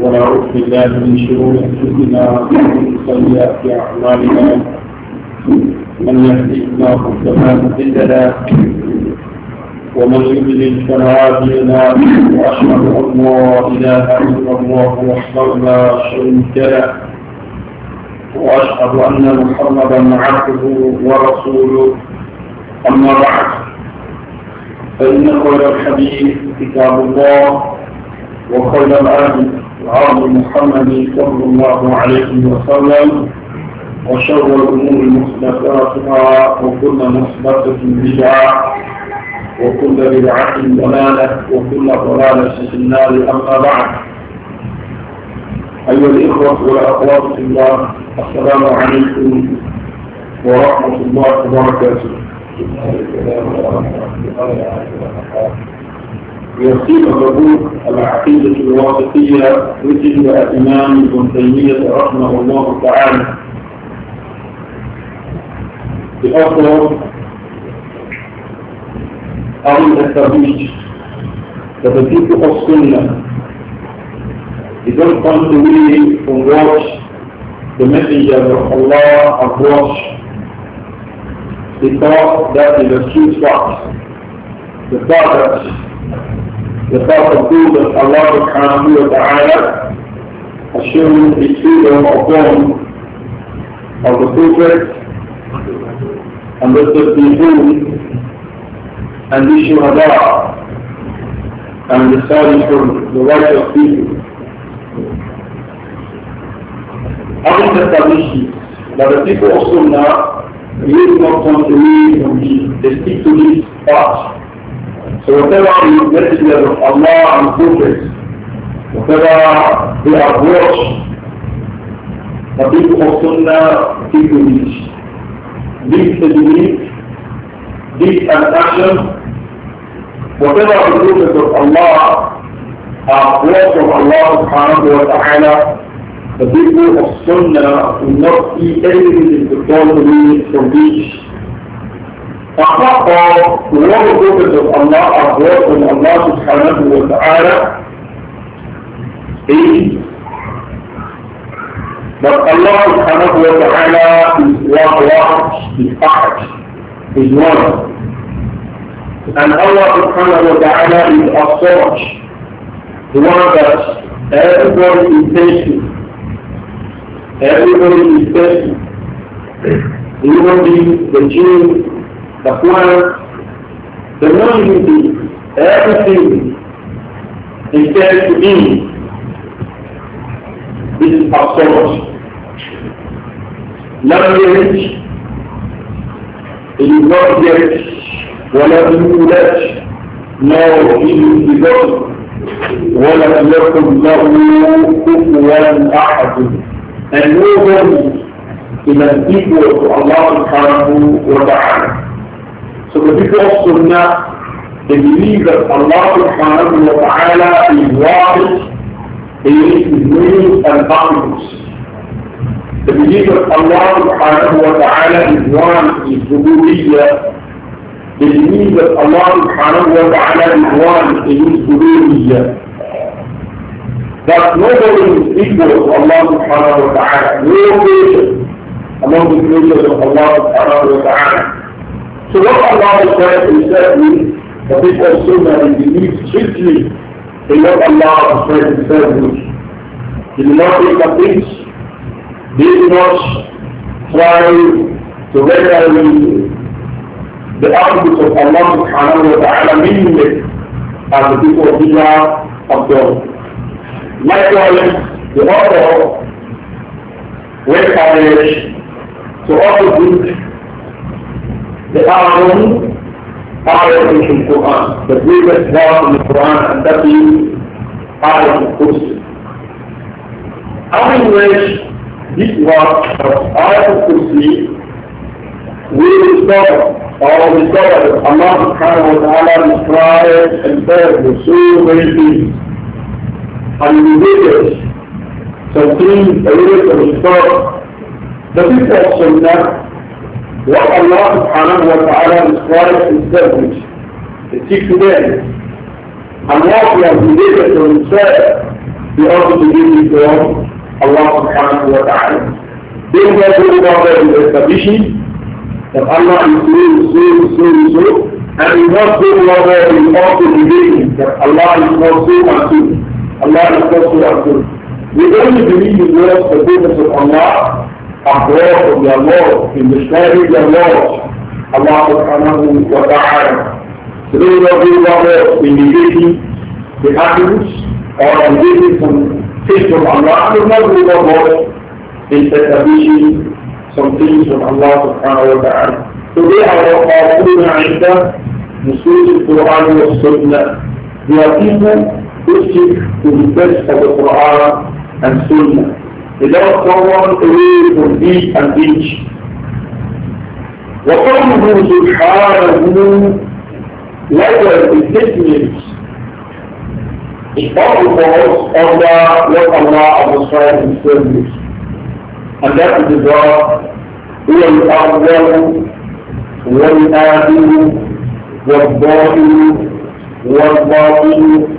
ونعوذ بالله من شرور انفسنا ومن سيئات اعمالنا من يهدي الله فلا مضل له ومن يضلل فلا هادي له واشهد ان لا اله الا الله وحده لا شريك له واشهد ان محمدا عبده ورسوله اما بعد فإن خير الحديث كتاب الله وخير العهد العرض محمد صلى الله عليه وسلم وشر الأمور محدثاتها وكل محدثة بدعة وكل بدعة ضلالة وكل ضلالة في النار أما بعد أيها الإخوة والأخوات في الله السلام عليكم ورحمة الله وبركاته يصيب الرجوك العقيدة الواسطية رجل الإمام ابن تيمية رحمه الله تعالى بأفضل أو التربيج تبديد السنة إذا كنت لي أن واش الله أن because that is a true fact. The fact that the fact of that Allah subhanahu of the Ayah, shown the freedom of upon of the Prophet and this the Sabihun and the Shuhada and the from the righteous people. Having established that the people of Sunnah do not want to leave from they stick to this part. So whatever is messengers of Allah and prophets, whatever they have watched, the people of Sunnah stick to this. This is belief, this an action, whatever the prophets of Allah have brought from Allah subhanahu wa ta'ala, the people of Sunnah do not see anything in the following from each. Apart of the one prophets of Allah are brought from Allah subhanahu wa ta'ala is but Allah subhanahu wa ta'ala is one one, is ahad, is one. And Allah subhanahu wa ta'ala is as such, the one that everybody is facing. Everybody is thirsty. The human being, the gene, the plant, the non-human everything is said to be. This is absurd. Language, it is not yet one of the left, nor it is begotten. ولم يكن one. كفوا and no one is an equal to Allah subhanahu wa ta'ala. So the people of Sunnah, they believe that Allah subhanahu wa ta'ala is wise, he is willing and boundless. They believe that Allah subhanahu wa ta'ala is one, is rububiyyah. They believe that Allah subhanahu wa ta'ala is one, is rububiyyah that nobody is equal to Allah subhanahu wa ta'ala. No creation among the creatures of Allah subhanahu wa ta'ala. So what Allah is trying to say is the people of Sunnah they believe strictly in what Allah has trying to say with. They do not take a pinch. They do not try to render the attributes of Allah subhanahu wa ta'ala meaningless as the people of Israel have done. Likewise, the author went to also bring the album Ayat in the Quran, the greatest verse in the Quran, and that is Ayat al-Kursi. Having read this verse of Ayat al-Kursi, we discover or discover that Allah subhanahu wa ta'ala describes and says with so many things and so something related to stop the people of Sunnah what Allah subhanahu wa ta'ala describes in service the teach to them and what we have delivered to himself we also to give it to Allah subhanahu wa ta'ala then we are talking about the establishing that Allah is so, so, so, so, and we must go over the also that Allah is not so and so. Allah is also Abdul. We only believe in what the goodness of Allah abroad of their Lord, in describing their Lord, Allah subhanahu wa ta'ala. So they will be Lord in negating the attributes or negating some things from Allah. They will not be Lord in establishing some things from Allah subhanahu wa ta'ala. So they are our Qur'an the Sunnah, Muslims, Qur'an and Sunnah. They are people who to the best of the Quran and Sunnah. They don't someone away from each. and inch. وقوله سبحانه likewise the statements is also for us under what Allah has described in service. And that is the God هو الأول والآخر والظاهر والباطن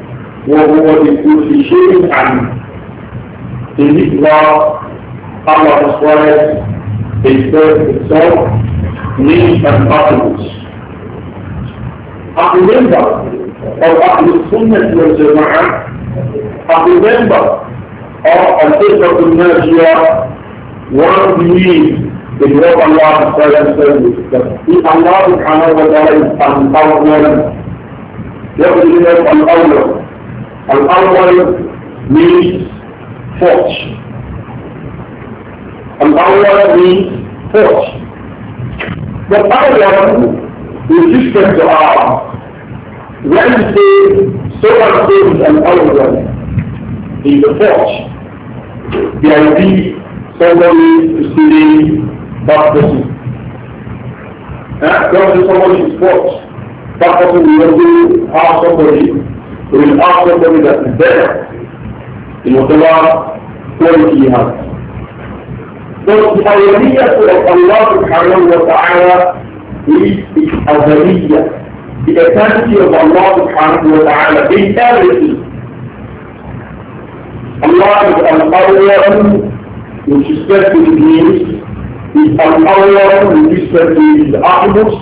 وهو بكل شيء عليم In this law, Allah describes Himself Himself, needs and attributes. A member of Ahlul Sunnah wal Jama'ah, a of Al-Fiqh al-Najiyah, one believes in what Allah subhanahu wa ta'ala يقول الأول and الأول means forge. الأول means forge. The أول is different to our when you say so and so is an is a forge. The idea somebody is doing that person. Eh? Don't say somebody is forged. That person will do have somebody والأفضل ده بيبقى في الدائرة المطلع كواليتي هذا والأولية الله سبحانه وتعالى is الأولية the authority of Allah subhanahu wa ta'ala in everything Allah is al-awwal with respect to his names is al-awwal with respect to his attributes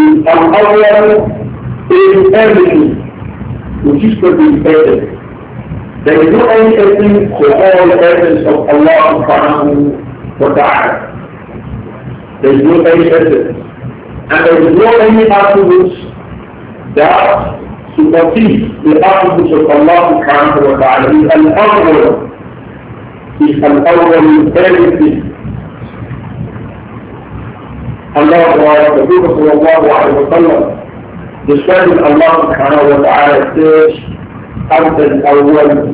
is al-awwal in everything which is to be better. There is no any essence to all essence of Allah subhanahu wa ta'ala. There is no any evidence, And there is no any attributes that supersede the attributes of Allah subhanahu wa ta'ala. He is al-awwal. He is an awwal in everything. Allah wa the Prophet sallallahu alayhi wa sallam بشأن الله سبحانه وتعالى السيش أنت الأول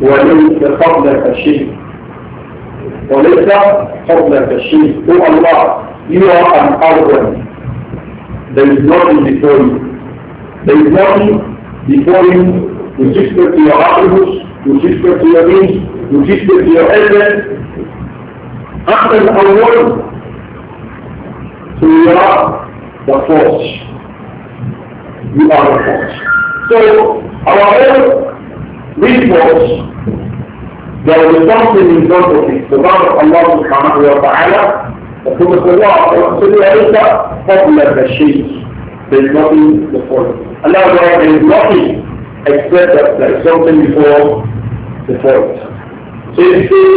وليس قبلك شيء وليس قبلك شيء هو الله you are an orphan there is nothing before you there is nothing before you with respect to your attributes with respect to your means with respect to your essence أنت الأول so you are the force. are the other forms. So our own resource, was something in front of it. The word of Allah subhanahu wa ta'ala, the Prophet sallallahu alayhi wa sallam, popular the sheep. There is nothing before it. Allah there is nothing except that there is something before the fault. So you see,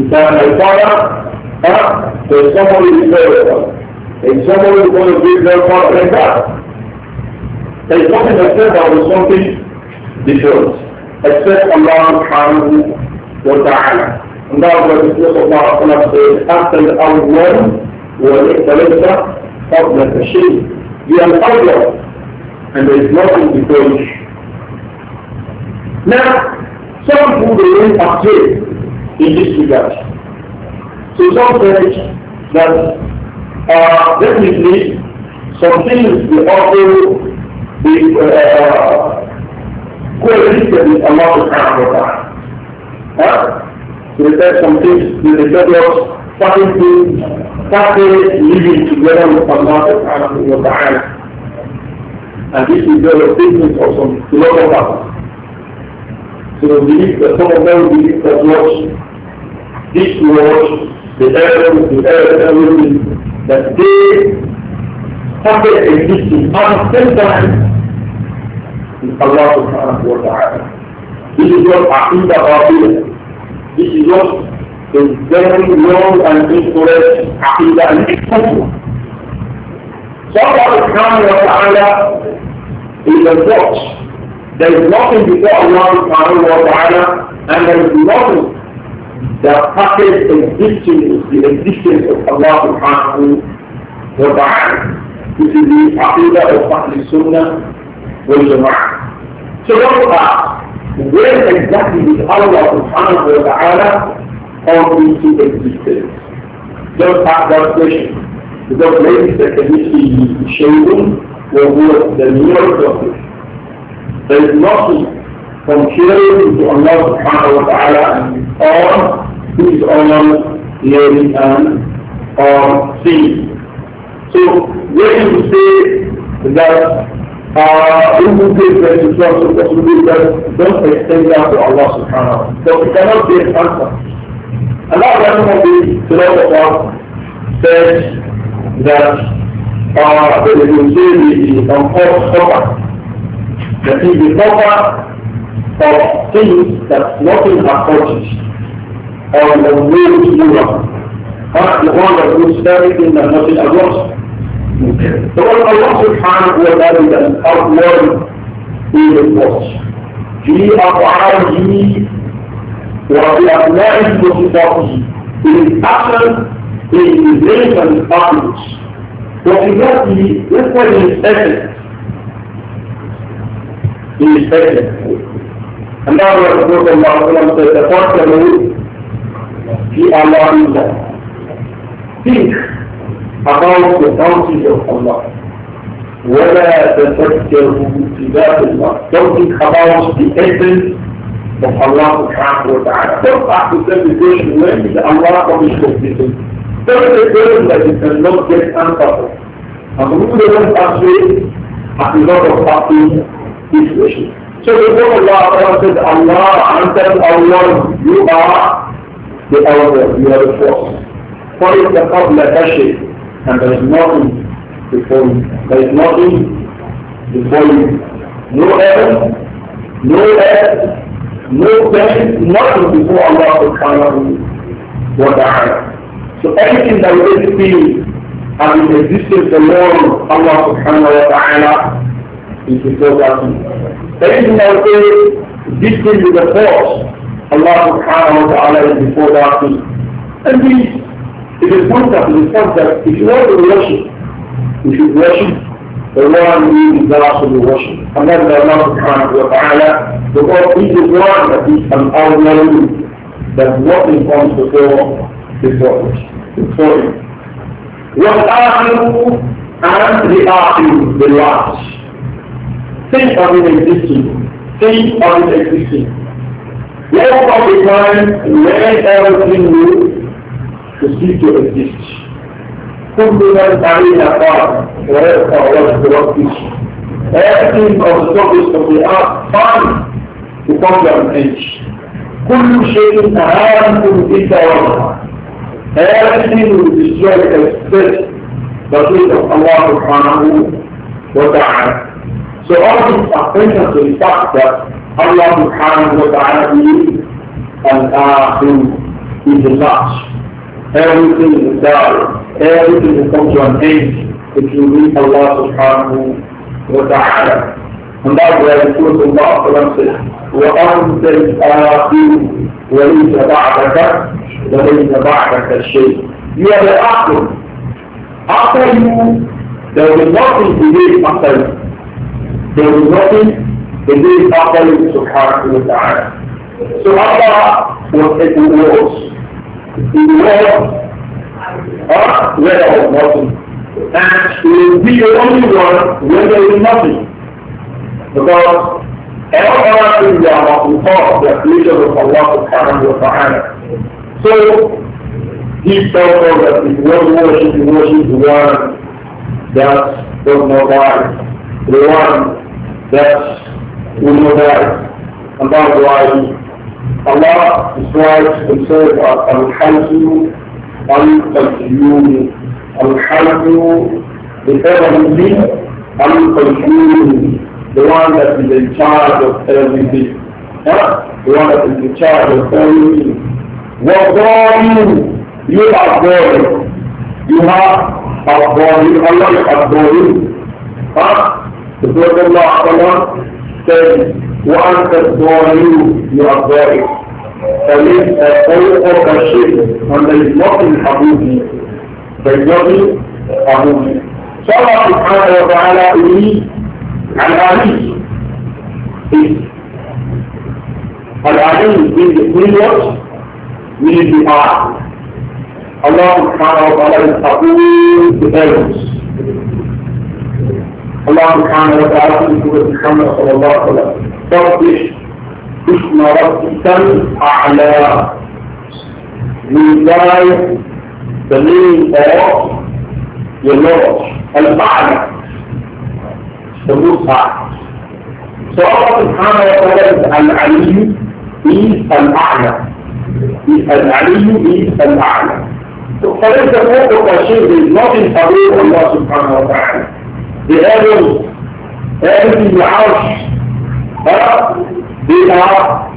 in time my father, there is somebody before the fault. If someone is going to give them more than that, there is nothing except that was something different, except Allah subhanahu wa ta'ala. And that was the Prophet of Allah said, after the awwal, of the machine. We are awwal, and there is nothing to change. Now, some people remain astray in this regard. So some said that uh, definitely, some things we also be uh, coexisted with Allah subhanahu wa ta'ala. Huh? So said some things, we said was starting to, starting living together with Allah subhanahu wa ta'ala. And this is the statement of some philosophers. So we believe that some of them believe that was this was the error, the error, everything that they separate existing out of ten times is Allah subhanahu wa ta'ala. This is what Aqidah Babiya. This is what the very long and incorrect Aqidah and Ikhwan. So Allah subhanahu wa ta'ala is a watch. There is nothing before Allah subhanahu wa ta'ala and there is nothing the perfect existence is the existence of Allah subhanahu wa ta'ala. This is the aqidah of Ahlul Sunnah wal Jama'ah. So what about where exactly is Allah subhanahu wa ta'ala on into existence? Don't ask that question. Because maybe there can be shading or the nearest of it. There is nothing from sharing to Allah subhanahu wa ta'ala on who is all hearing and or seeing. So when you say that uh, if you is the instruction to that, don't extend that to Allah subhanahu wa ta'ala. Because it cannot be an answer. Allah subhanahu the philosopher says that uh, the religion is on all suffer. That is the suffer of things that nothing approaches on the way to Europe. Not the one that looks everything and nothing at But what I want to find was that outward, have is what? في أفعاله وفي أبنائه وصفاته. In his actions, in his names and his attributes. What is not the reference in his essence? In his essence. And now the Prophet said, the first we are loving them. Think about the bounties of Allah. Whether the تذكره كتاب الله. Don't think about the essence of Allah subhanahu wa ta'ala. Don't ask yourself the question, when did Allah publish this vision? There is a question that you cannot get answer for. And the people don't answer it as a lot of parties situations. So the before Allah says, Allah answers Allah, you are the elder, you are the first. For if the قبل كشف and there is nothing before you. There is nothing before you. No heaven, no earth, no pain, nothing before Allah subhanahu wa ta'ala. So everything that we see and in existence alone, Allah subhanahu wa ta'ala is before that. Everything that we say, this thing is a force Allah subhanahu wa ta'ala is before that thing. And this is a to is a concept. If you want to worship, if you worship the one who deserves to be worshipped. And that is Allah subhanahu wa ta'ala because he is one that is an ordinary that nothing comes before before purpose. Before him. والآخر and the آخر, the last. Think of it existing. Think of it existing. There was the time when everything new could cease to exist. Who could not carry in a car wherever or what the world is? Everything on the surface of the earth found to come to an end. كل شيء عام the توابع everything will be destroyed except the faith of Allah subhanahu wa ta'ala. So all this attention to the fact that Allah subhanahu wa ta'ala is al-akhir, is the last. Everything is dark. Everything will come to an end if you meet Allah subhanahu wa ta'ala. And that's why the Prophet Allah says, وَأَنْتَ الْآخِرُ وَلَيْسَ بَعْدَكَ وَلَيْسَ بَعْدَكَ الشَّيْء You are the akhir. After you, there will be nothing to live after you. There will be nothing they did it after him subhanahu wa ta'ala. So Allah was at the wars. The world uh, where nothing. And he will be the only one where there is nothing. Because all our things are not in part of the creation of Allah subhanahu wa ta'ala. So he tells us that if one worship, he worships the one that does not die. The one that we know that. And that's why Allah describes himself as Al-Hakim Al-Qayyum. Al-Hakim, the heavenly Al-Qayyum, the one that is in charge of everything. Yeah? The one that is in charge of everything. do You are God. You are a God. Allah is a God. Huh? The Prophet Allah said, وأنت الضالي you are ضالي فليس فوقك شيء and there is nothing above you there is nothing above you so Allah subhanahu in ta'ala is al-Ali is al-Ali is the millions meaning the heart Allah are wa ta'ala of above the heavens الله سبحانه وتعالى في سورة محمد صلى الله عليه وسلم سبح اسم ربك الأعلى من ذلك سمين فوق يلوج الأعلى سموه أعلى سبحانه وتعالى العلي في الأعلى العلي في الأعلى فليس فوقك شيء ما في الله سبحانه وتعالى بآدم آدم بن عرش ها بدعة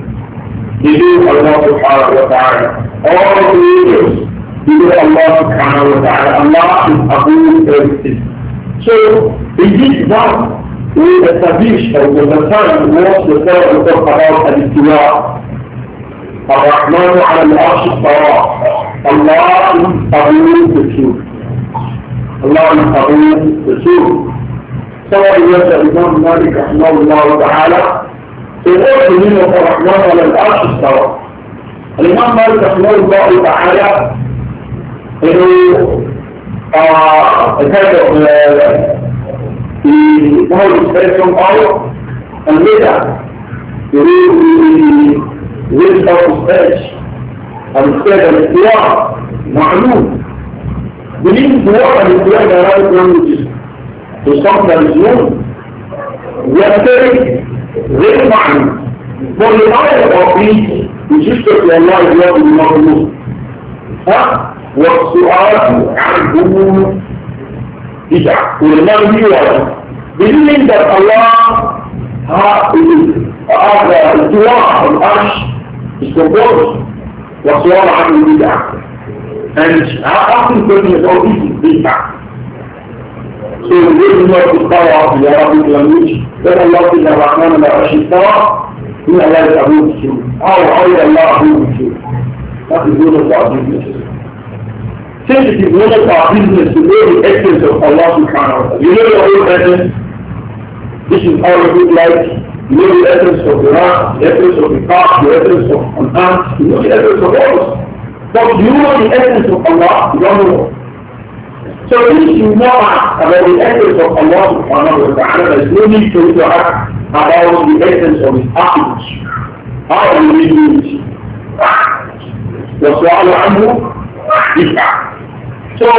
بدون الله سبحانه وتعالى أو بدون الله سبحانه وتعالى الله is above everything so in this verse we establish or we understand what the Torah will talk about al-istiwa الرحمن على العرش استوى الله is above the truth Allah is above the truth طوائية الإمام مالك رحمه الله تعالى يقول منه الرحمن على الأرش استوى الإمام مالك رحمه الله تعالى إنه آه، آه، في مهر السيسم أو البدع يريد زيت أو مستاج المستاج الاختيار معلوم بلين هو الاختيار ده رأيك من الجسم تصدر اليوم يبتدي غير معنى والرعاية الربيع يشكك والله اليوم المغلوب ها والسؤال عنه بدعة والمغني ورد بالمين ده الله هذا الدعاء الأرش الصبر والسؤال عن البدعة and how often can you go easy this back? So this is what is power of the Arabic language. Then Allah is the Rahman and Arash Istawa. Then Allah is Abu Muslim. How is Allah Abu Muslim? That is one of our businesses. Since it is one of our business to know the essence of Allah subhanahu wa ta'ala. You know the whole essence? This is how it looks like you know the essence of the rock, the essence of the cock, the essence of an ant, you know the essence of all this. But you know the essence of Allah, you don't know. So this is more about the essence of Allah subhanahu wa ta'ala. There's no need for you to ask about the essence of his attributes. How do we do it? وَسُعَلُ عَنْهُ بِفْعَ So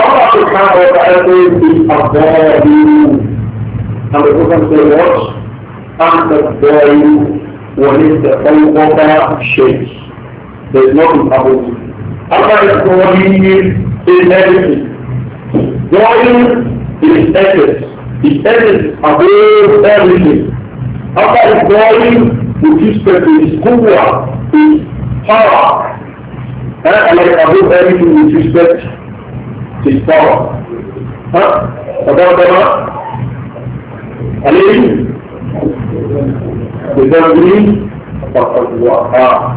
Allah subhanahu wa ta'ala says is abdalu. And the Prophet said what? And the الدَّارُ وَلِسْتَ فَوْقَكَ شَيْءٍ There is nothing above you. Allah is the one is everything. Drawing is essence. The essence above everything. After the with respect to his kuwa, his power, and like above everything with respect to his power. Huh? About that, عليه بذنبه فقد وقع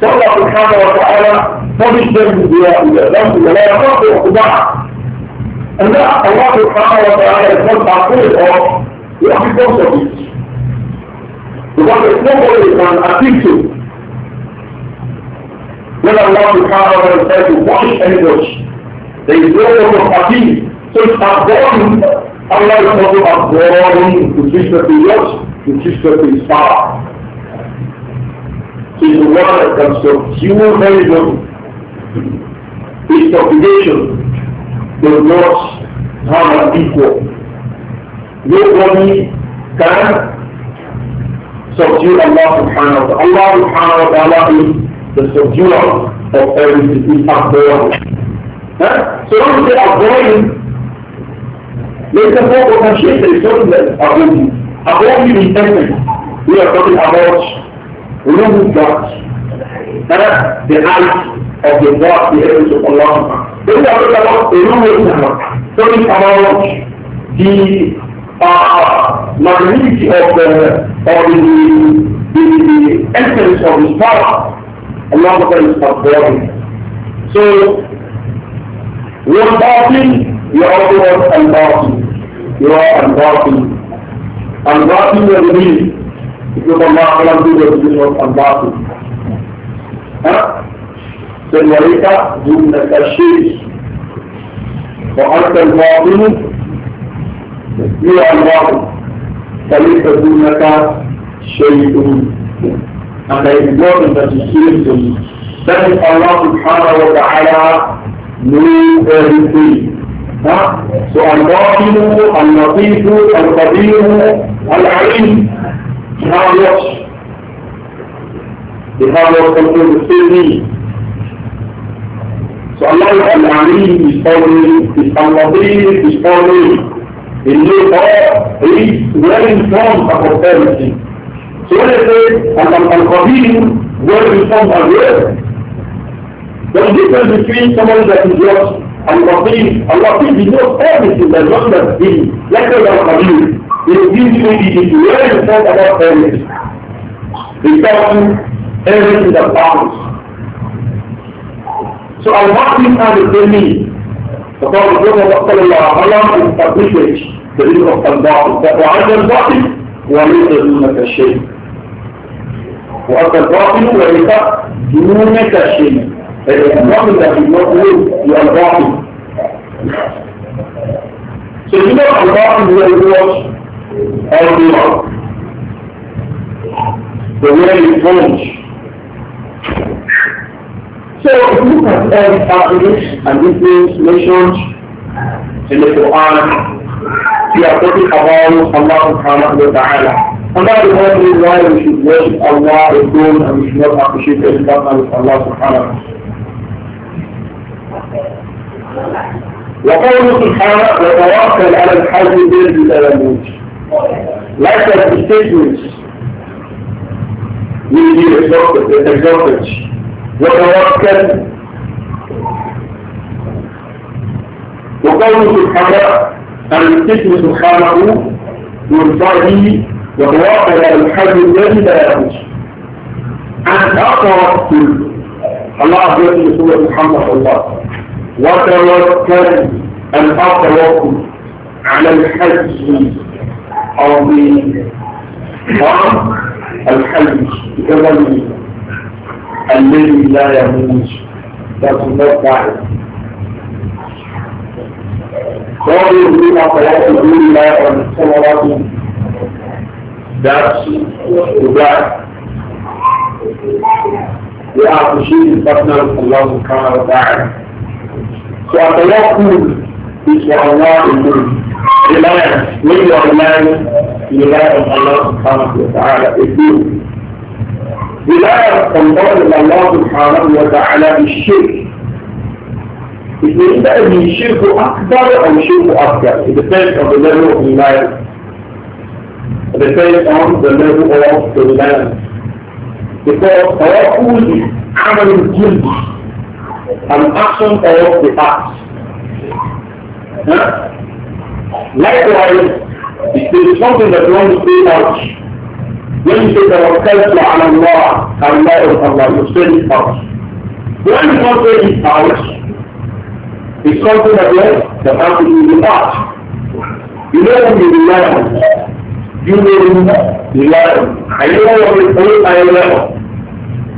صلى سبحانه وتعالى punish them with their love and their love for Quran. And that Allah subhanahu wa ta'ala is not afraid of the becomes of it. Because nobody can afflict you. When Allah subhanahu wa ta'ala tries to punish anybody, there is no one of appeal. So it's abhorrent. Allah is also abhorrent to what? With respect to his So he's the one that can subdue anybody. Each population does not have an equal. Nobody can subdue Allah subhanahu wa ta'ala. Allah subhanahu wa ta'ala is the subduer of everything. He's abhorrent. Huh? So when we say abhorrent, there's a form of shape that is something that is above you. Above you in we are talking about removing God. Huh? The eyes of the àti ẹ̀rọ ìṣòkan lọ́wọ́. are talking about èrú wo ìṣàkọ́ lórí magnitude of the of the the the essence of his power along with his God. So one body you are also one unboxing. You are unboxing. Unboxing your belief. If you come back and do the you. of unboxing. Huh? بالوريكة دون التشيش وحتى الباطن يوع الباطن فليس دونك شيء أما يقول أنت تشيش بل الله سبحانه وتعالى من ذلك والباطل اللطيف القدير العليم هذا وصف بهذا وصف السلمي So Allah Al-Alim is always, is Al-Latif is always. In knows all, he is well informed about everything. So when I say and Al-Qadim, well informed as well. The difference between someone that is just Al-Qadim. Al-Qadim, is not everything, there's not that he, like Al-Qadim. He gives you, he is well informed about everything. He tells you everything that happens. So I want him and the need. Because the Prophet sallallahu alayhi wa established the rule of al-Batil. That وَعَلَى الْبَاطِلِ وَلَيْسَ دُونَ كَشَيْءٍ وَعَلَى الْبَاطِلِ وَلَيْسَ دُونَ كَشَيْءٍ There is nothing that is not real to al-Batil. So you know al-Batil where it was al-Batil. The way it forms. So look at all families and these nations, in the Quran. We are talking about Allah subhanahu wa ta'ala. And that is one reason why we should worship Allah alone and we should not appreciate any partner with Allah subhanahu wa ta'ala. وقوله سبحانه وتوكل على الحي الذي لا Like that statement, we be exalted, exalted. وتوكل وقوله سبحانه الاسم سبحانه يرضيه وتوكل الحج الذي لا يموت أن أتوكل الله عز وجل سورة محمد صلى الله وتوكل أن أتوكل على الحج العظيم الحج بكذا الذي لا يموت does not die. God is not allowed to do that on some of us. That's to that. We are to see the partner of Allah who come out of that. So at the last moment, what Allah is doing. The lion, are the lion, you rely Allah to come out of that. بلا تنظر الى الله سبحانه وتعالى بالشرك It that it is shirk akbar and shirk akbar. It depends on the level of iman. It depends on the level of the iman. Because tawakkul is amal guilt, an action of the heart. Likewise, if there is something that you want to say about When you say tawakkal ala Allah, Allah is Allah, you say it out. When you not say it out, it's something that you that has to be in You know when you rely you know when you rely on I know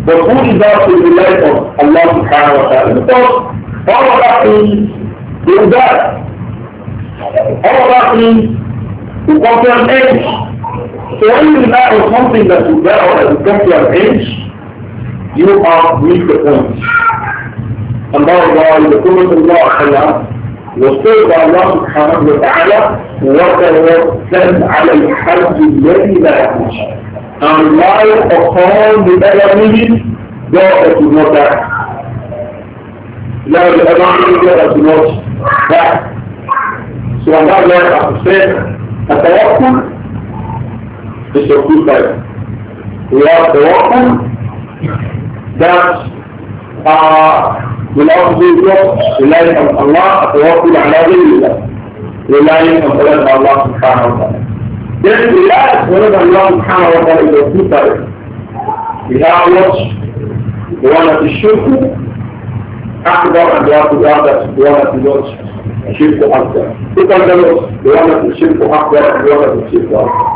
But who is that to rely on? Allah subhanahu wa Because all of that is doing that. All of an سؤال الماء something that you get out at the capital age, you are weak points. And that is why the Prophet Allah was told by Allah subhanahu wa ta'ala, وَتَوَكَّلْ عَلَى الْحَجِّ الَّذِي لَا يَحْمُشْ And rely upon the enemy God that is not that. لا الأمان God that is not that. So Allah said, التوكل This is good types. We have the water that uh, will also be relying on Allah, tawakkul ala ghayrillah, relying on the Allah subhanahu wa ta'ala. Then we have whatever Allah subhanahu wa ta'ala is two types. We have what? The one that is shirk, akbar and the other that is the one that is what? الشرك أكبر تقدم بوضع الشرك أكبر بوضع الشرك أكبر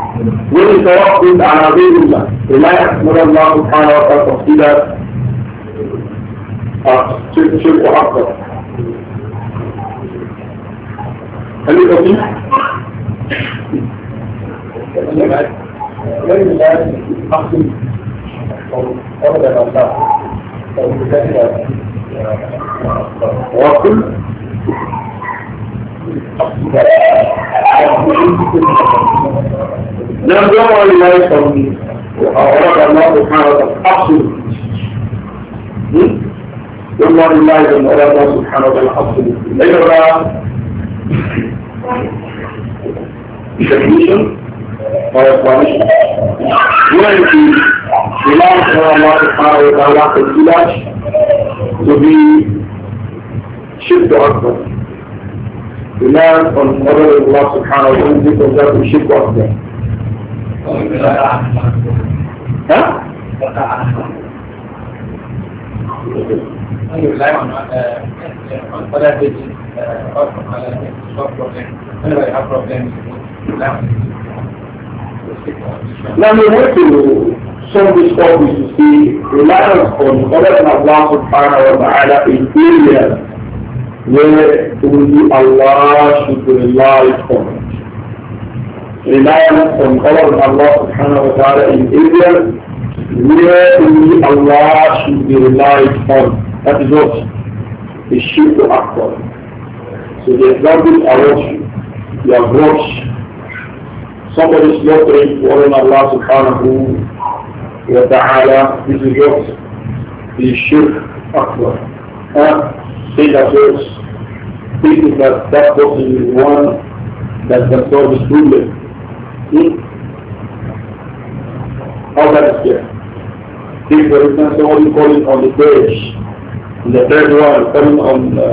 والتوقف على غير الله ولا يحمل الله سبحانه وتعالى تفصيلا الشرك آه، أكبر هل يقصد؟ غير الله أخذ وكل لم يرى لما يستغني وأعرض الله سبحانه وتعالى أقصد والله لله الله سبحانه وتعالى أقصد لأن بقى definition or explanation. When the Imam Allah subhanahu wa ta'ala considers to be Rely on other of Allah subhanahu wa ta'ala because that we should work them. Huh? You rely on other things, have Now you have to some of these to see reliance on other than Allah subhanahu wa ta'ala in areas where only Allah should rely upon. Reliance on God Allah subhanahu wa ta'ala in Israel, where only Allah should be relied upon. That is what is the sheep to act So the example I want you, you have watched not slaughtering for Allah subhanahu wa ta'ala. This is what the sheep act say people that that person is one that the God is ruler. Hmm? How that is clear. Take for instance somebody calling on the bridge, the third one coming on the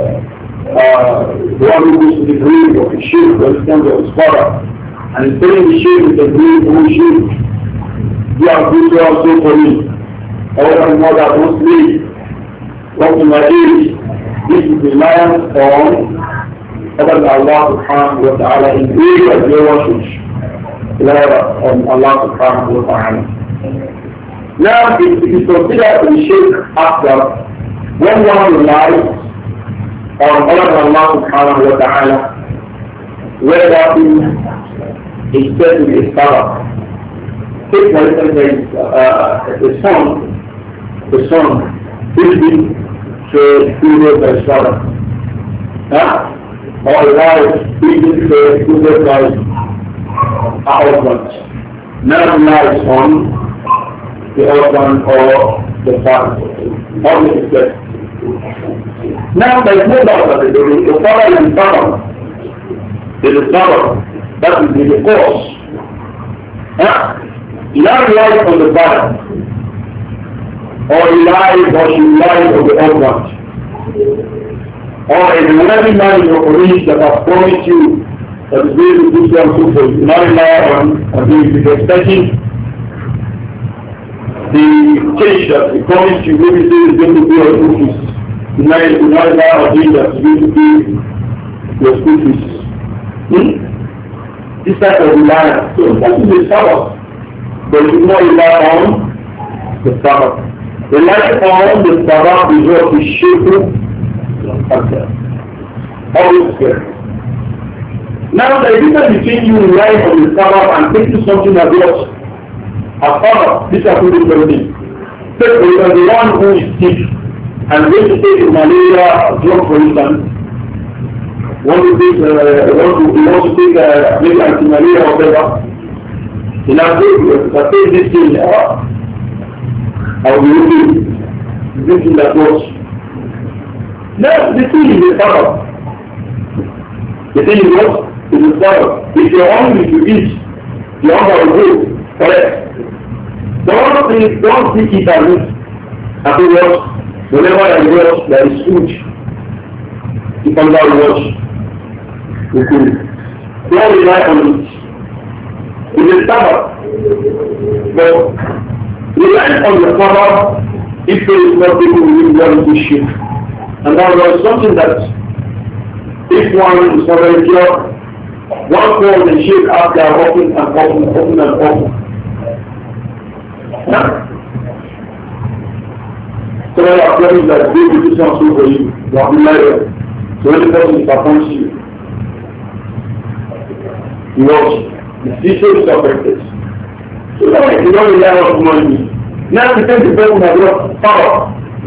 uh, uh one who goes to the grave of the sheep, for instance, his father, and he's telling the sheep with the grave sheep, you are good to also for me. However, don't sleep, my age, this is reliance on other than Allah subhanahu wa ta'ala in all of your worship. on Allah subhanahu wa ta'ala. Now it is considered to be shirk after when one relies on other than Allah subhanahu wa ta'ala, whether it is said to be a Take for instance uh, the son, the son, say female menstrual. Huh? Or wife feeding say female wife husband. Now lies on the husband or the father. Only the Now there is no doubt that the father is the father. There is father. That will be the cause. Huh? Now on the father or lie, or you lie on the Almighty. Or a the man in your community that has promised you that going to do something for you, not rely on, on him, if you're expecting the change that he promised you, maybe say is going to be your school fees. Do not rely and him that is going to be your school fees. Hmm? This type of reliance. So that is the Sabbath. But you do not on the Sabbath. The light on the Sabbath is what is shaping ourselves. Always scary. Now the difference between you relying on the Sabbath and taking something as yours, a Sabbath, these are two different things. Take for example, the one who is sick and going to take malaria drug for instance, want to take, uh, want to, he wants to take uh, maybe anti-malaria or whatever, he now says, take this thing, uh, I will be drinking that much. Now, the thing is a sorrow. The thing is what? It is a sorrow. If you're hungry to eat, you're hungry to go. Correct. Don't think, don't think it as if, after what? Whenever I watch, there is food. If I'm not watch, you could. Don't rely on it. It's a sorrow. But Rely on the father if there is not people within one to shirk. And that was something that if one is not very pure, one call the shirk after walking and often and often and often. Now, so there are problems that they will do something for you, you are liar. So when the person disappoints you, you watch, the teacher is affected. Ìjọba ìjọba ìlà ọ̀sùn wọn ni. Náà ti tẹ́tí pé kò nàbọ̀ pàrọ̀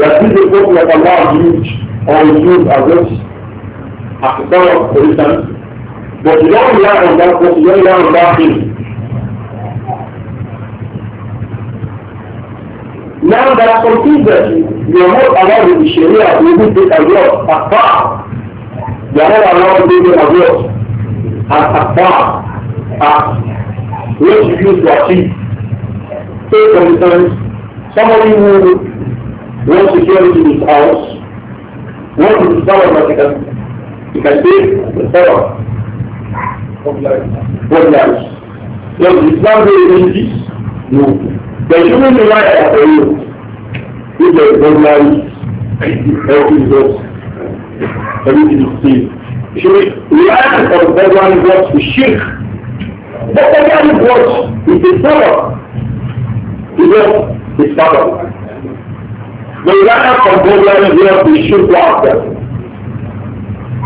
láti ṣe pé kò nàbọ̀ láà ní ọ̀rọ̀ ìlú àgọ́sì àtìkọ́rọ̀ oríṣan. Bọ̀dì lọ́wọ́ ìlà ọ̀gá bọ̀dì lọ́wọ́ ìlà ọ̀gá fi. Now there are some things that you are not allowed to be sharia, you will be abroad, afar. You are not allowed to be abroad, afar, afar. what you use to achieve. Say for instance, somebody who wants to get in his house, wants to discover that he can, he can take the power. What lies? Does Islam really mean this? No. They should right rely on the rule. If there is no lies, everything is lost. Everything is seen. we ask for the one who wants to shirk the second watch is the sorrow. Because We sorrow. out of contemporary here we should after.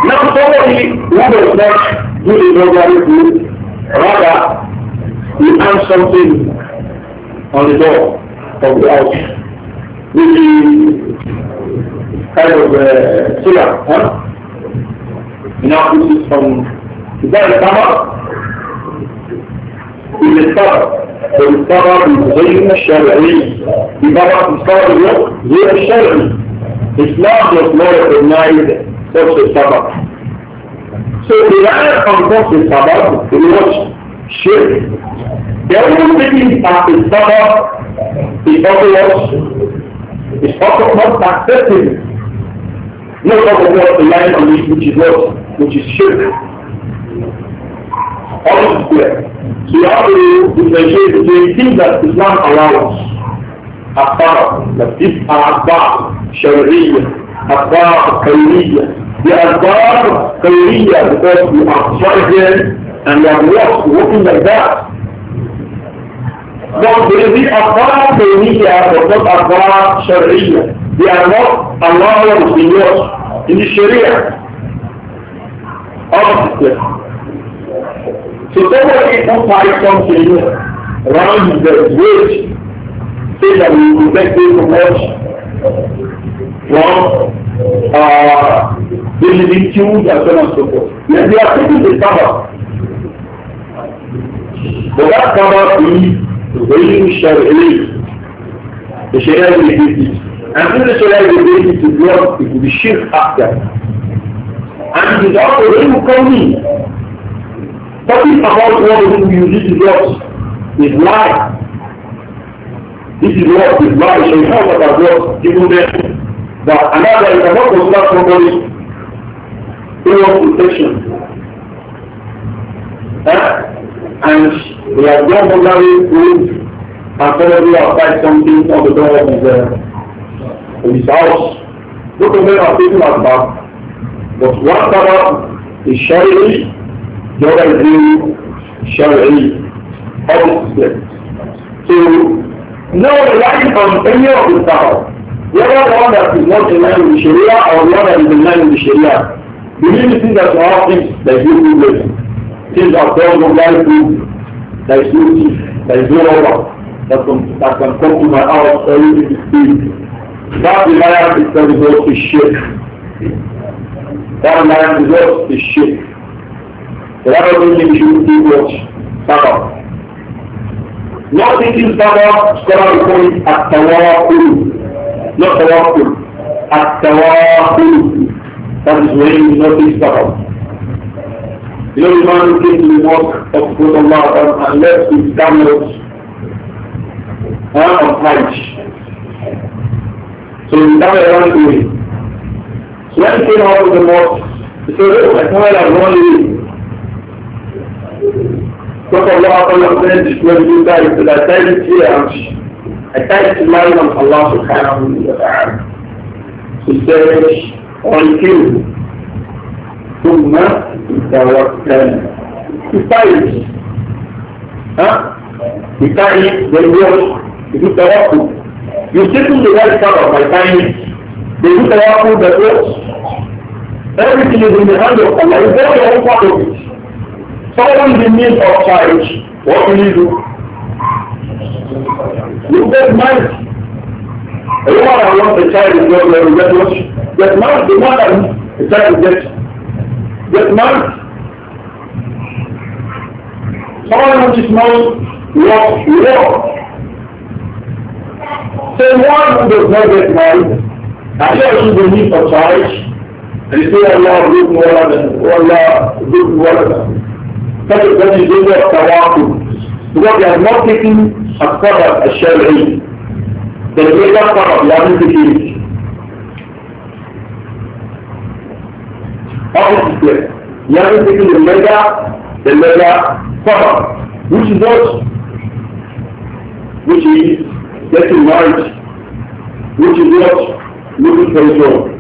Now somebody who does not do the burglary, good, rather he hangs something on the door of the house, which is kind of uh, sila, huh? Now this is from, is that a camera? بالطبع بالطبع غير الشرعي بطبع الطبع غير الشرعي It's not just more recognized such a sabbath. So the other concept is sabbath, in which shirk. The only thing that is sabbath is also what? Is also not accepted. Not also what the line on this which is what? Which is shirk. All of is clear. We you have to between things that Islam allows. أخبار that these are أخبار شرعية أخبار خيرية The أخبار خيرية because we are striving and we are not working like that. But there is أخبار خيرية but not أخبار شرعية. They are not allowed in your in the Sharia. All of this. So somebody who buys something around the wage, say that we will get paid so much from uh, individuals and so on and so forth. Yes, they are taking the cover. But that cover is very sharely. The Sharia will give it. And through the Sharia will give it to God, it will be shift after. And it is also very coming. Talking about what is you, this is what is lie. This is what is lie. So you have what has what given them. That another, you cannot consider somebody who wants protection. Eh? And they have gone for marriage rules and probably applied something on the door of his, uh, his house. look at them as people as bad. But one father is surely. درجي شرعي أو مسلم So, no relying on any of the Sahara, whether the one that is not in line with Sharia or the one that is in line with Sharia, the only thing that we have is that you do this. Things are done on life food, there is no thief, there is no robber that can, that can come to my house or even to steal. That reliance is what is shirk. That reliance is what is that doesn't mean you do what sabbath. Not thinking sabbath, scholar will call it at-tawakul. Not tawakul. At-tawakul. That is when you not think sabbath. You know, the man who came to the mosque of God Allah and left his camels uh, of Hajj. So he started running away. So when he came out of the mosque, he said, oh, I thought I'd run away. Allah Prophet said, when I tied it here, I tied it to mine on Allah subhanahu wa ta'ala. He said, on you, ثم توكل. He tied it. Huh? He tied it, then what? He did tawakkul. You sit in the right part of my time. They do tawakkul, that works. Everything is in the hand of Allah. You don't know what to do. Following the means of charge, what will you do? You get married. The woman that wants a child is not going to get what? Get married. The one that the child will get. Get married. Someone wants his money, what? What? Say one who does not get married, I he you she will need for charge, and say Allah will give more than, Allah will give more than. such a person is able because they have not taken a qadr, a shari'i. The greater qadr, they haven't taken it. Obviously, You haven't taken the mega, the mega qadr, which is what? Which is getting married, which is what? Looking for his own.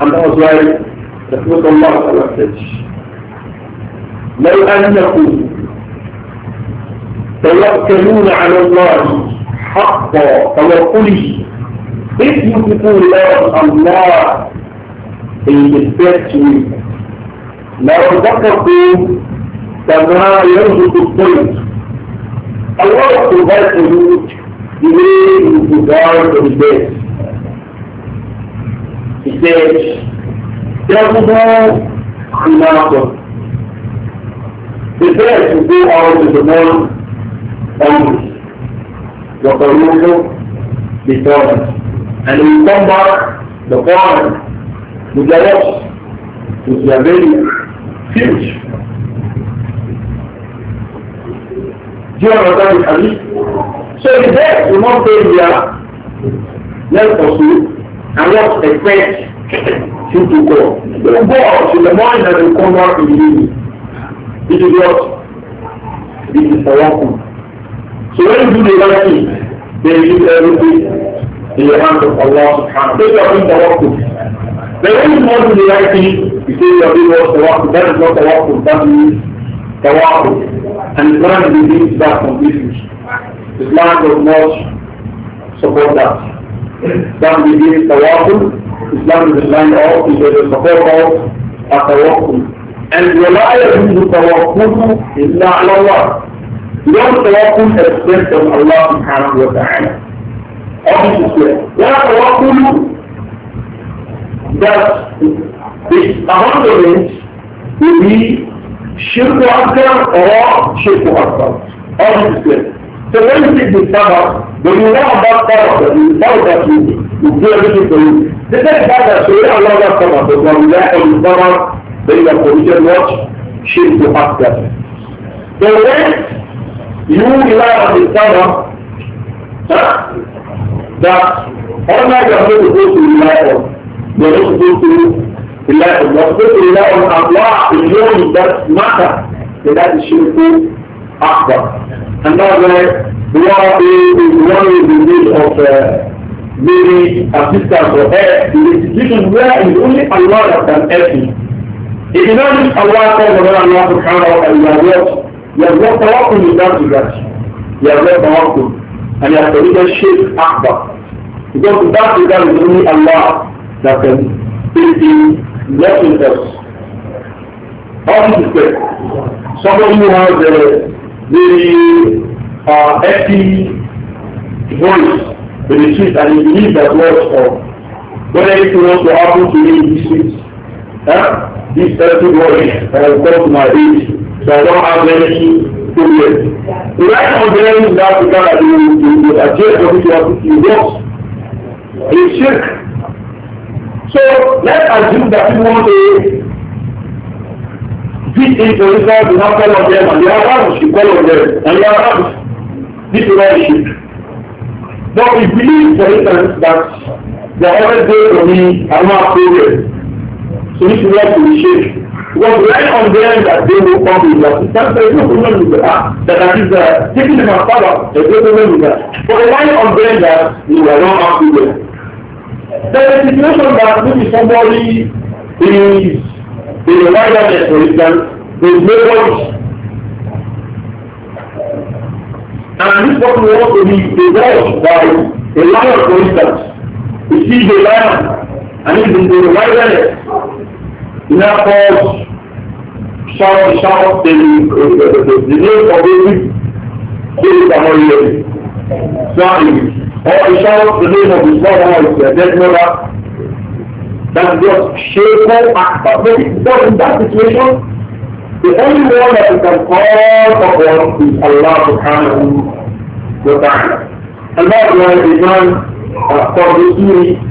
And that was why the Prophet Allah said, لو أنكم توكلون على الله حق توكله إذ يتقول الله المثبت منكم لو ذكرتم كما يرزق الطيب الله سبحانه يقول إليه انتظار البيت البيت يرزقه خلافه Besides, you go out in the morning hungry. Your perusal determined. And you come back the following with the loss, with the very huge. Do you understand it, Ali? So the best will not stay here, less for you, and what the you to go. You will go out in the morning and you come back in the evening. This is what? This is tawakul. So when you do the right thing, they you leave everything in the hands of Allah subhanahu wa ta'ala. So you are doing tawakul. Then when you do the right thing, you say you are doing what tawakul. That is not tawakul. That means tawakul. And Islam believes that completely. Islam does not support that. Islam believes tawakul. Islam is the line of, is the support of, at tawakul. And ولا يجوز التوكل إلا على الله. You don't توكل except on Allah سبحانه وتعالى. Obviously, لا توكل that the among the range will be shirk akbar or shirk akbar. Obviously. So when you take the sabbath, when you know about sabbath, that you know that you, you do everything for you. The very fact that Surah Allah sabbath, because we lack of the sabbath, Then you have committed what? Shirk to Akbar. So when you rely on the Sama, huh, that Allah you are not supposed to rely on, you are not supposed to rely on, you are supposed to rely on Allah alone that matter, then that is Shirk to Akbar. And that's why we are in one of the need of uh, maybe assistance or help to the institution where it is only Allah that can help you. إذن الله قال لنا سبحانه وتعالى يرضى توكل لله دلوقتي يرضى توكل أن يختلف الشرك أكبر إذا كنت تعرف إذا الله لكن it is nothing else. How is it fair? Somebody who has uh, the uh, empty voice in the street and he believes that words of whether it wants to happen to him in the Huh? this person worry has got my age, so I don't have any problems. The right considering that the car you will achieve for which you have to work is shirk. assume that you want to fit in for yourself, you have all of them, and you have others, to follow them, and you have others. to is all shirk. But we believe, for instance, that the other day for me, I'm not progress if you like to shape. Was right on them that they will come with us? That's there is no with that. That is uh, taking them as father, there is no problem with that. the relying on them that we are not happy with. There's a situation that maybe somebody is in a wilderness, for instance, there is no voice. And this person wants to be devoured by a lion, for instance. He sees a lion and he's in the wilderness now called shout shout the the name of David David Amoye sorry or he shout the name of his mother or his dead mother that was shameful act but in that situation the only one that you can call upon is Allah subhanahu wa ta'ala and that's why the man uh, for the Sunni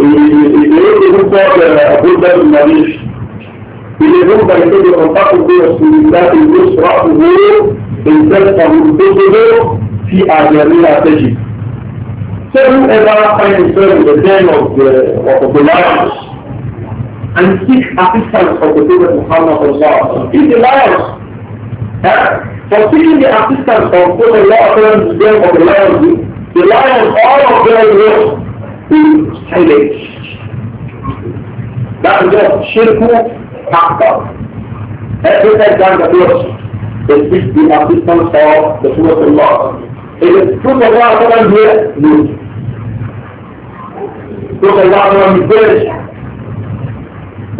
he, he, he, he, he, he, he, he, he, So whoever finds himself in the den of the, of the lions and seek assistance of the Prophet Muhammad Allah, if the lions, eh, for seeking the assistance of Prophet Allah and the of the lions, the lions, all of them will be silent. That is what shirku packed up. Every time the clothes, they the assistance of the Surah of Is it is true that Allah Ta'ala here? No. True that Allah Ta'ala is there.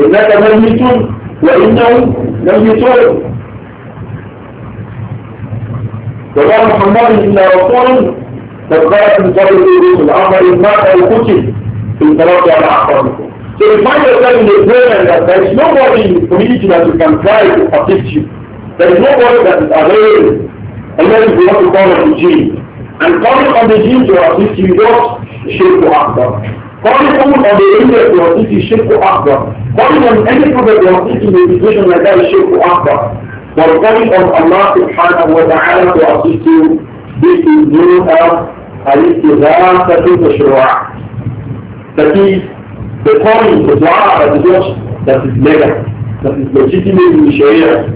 إنك من The وإنه لم يتوب وقال محمد إلا The قد خلت من قبل الرسل أمر ما قد قتل في الصلاة على so you find yourself in a prayer that there is nobody in the community that you can try to assist you. There is nobody that is available and then you want to call on the gene. And calling on the gene to assist you is not shirk to Akbar. Calling on the angel to assist you is shirk to Akbar. Calling on any prophet to assist you in a situation like that is shirk to ask Akbar. But calling on Allah subhanahu wa ta'ala to assist you, this is known as al-istihar, that is the shura. That is the point the dua that is what? That is legal, that is legitimate in Sharia.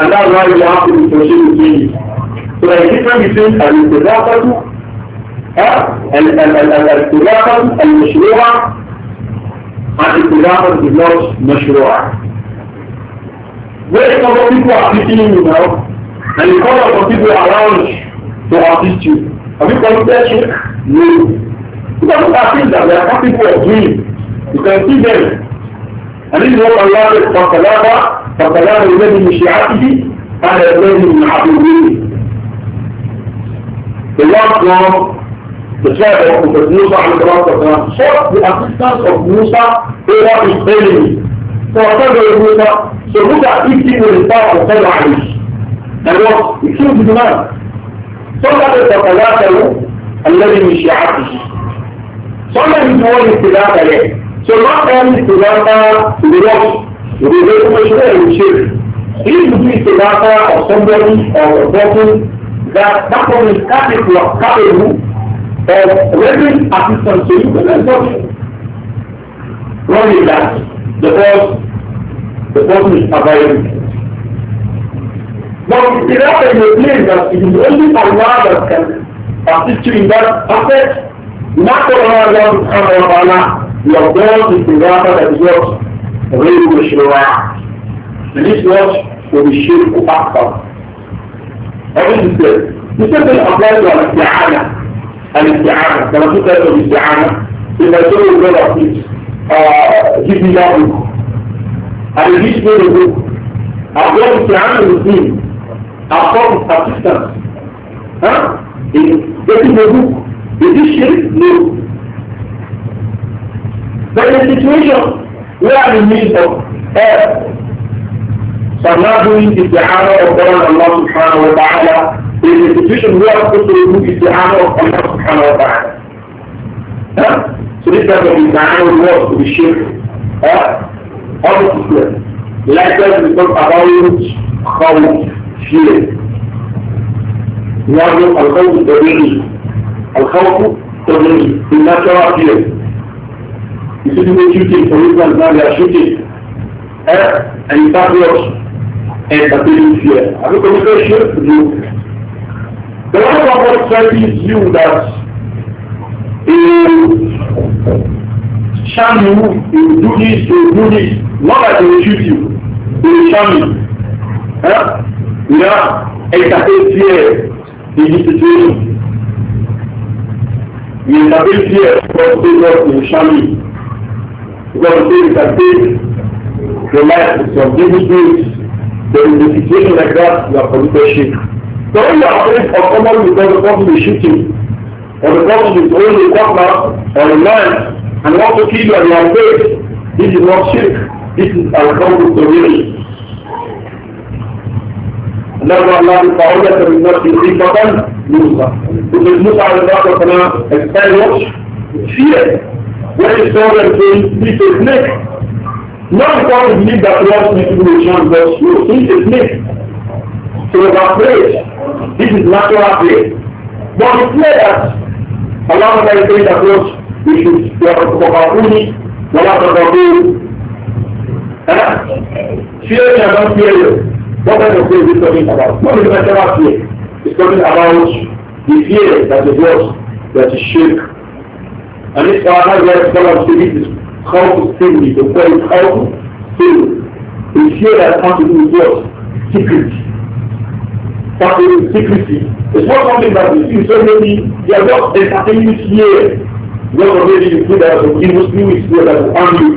And that's why we have to be differentiate between it. So there is difference between an al eh, and al-istidafatu al-mashru'a and istidafatu is not mashru'a. Where some people are teaching you know, and you call up some people around to assist you. Have you considered shirk? No. Because there are things that there are capable of doing. You can see them. And this is what Allah says, فَسَلَامَ فَسَلَامَ الَّذِي مِنْ شِعَاتِهِ أَنَا الَّذِي مِنْ عَبِدِهِ The one from the tribe of Prophet Musa and the Prophet sought the assistance of Musa over his enemy. So after the Musa, so Musa hit him with the power of Salah And what? He killed the man. So that is the Qalatahu, الذي من شيعته Sometimes you want to that again. So not only Siddhartha uh, works with the information and children. If you do Siddhartha or somebody uh, or a person that that person is capable, capable of rendering assistance to you, then nothing wrong with that. Because the person is available. But Siddhartha is a place that it is only Allah that can assist you in that aspect. نقر هذا الأمر على يرضون استضافة الزوج غير هذا السبب بسبب الأفضل والاستعانة الاستعانة كما إذا تقول غير أفضل give me that book and Is it shirk? No. But in a situation where i in need of help, so I'm not doing isti'ana of God Allah subhanahu wa ta'ala, in a situation where I'm supposed to do isti'ana of Allah subhanahu wa ta'ala. Huh? So this type of isti'ana was to be shirk. Huh? All this is clear. Likewise, we talk about khawf, fear. We have al-khawf al-dabi'i. Al-Khawfu Tabari, the natural fear. You see people shooting, for instance, now they are shooting. Eh? And you start watching. And appealing fear. Have you committed shirk? No. The one of what society is you that a sham you, you do this, you do this. Not that they shoot you. They will sham you. Eh? Yeah. Entertain fear in this situation. We have been here for God in Shami. God says that take the life of some evil spirits. Then the situation like that, you are committed shirk. So when you are afraid for someone because the person is shooting, or the person is holding a partner, or a man, and want to kill you and you are afraid, this is not shirk. This is al-Qawm the tawiri نرى الله بقعودة من نفس خيفة موسى وفي موسى عليه الصلاة والسلام explain what? Fear. What is God and saying? He's a snake. Not because we believe that Lord makes people a chance, but no, he's a snake. So we are afraid. This is natural fear. But it's clear that Allah is saying that what we should be able to cover ولا تقربوا fear and don't fear you What kind of thing is it talking about? Not the natural fear. It's talking about the fear that the what? That is shirk. And this another way of scholars say this is how to sin me, the call it how to sin. The fear that comes to the world, what? Secret. Something with secrecy. It's not something that we see so many, they are just entertaining this year. Not already you see that some evil is here that will harm you.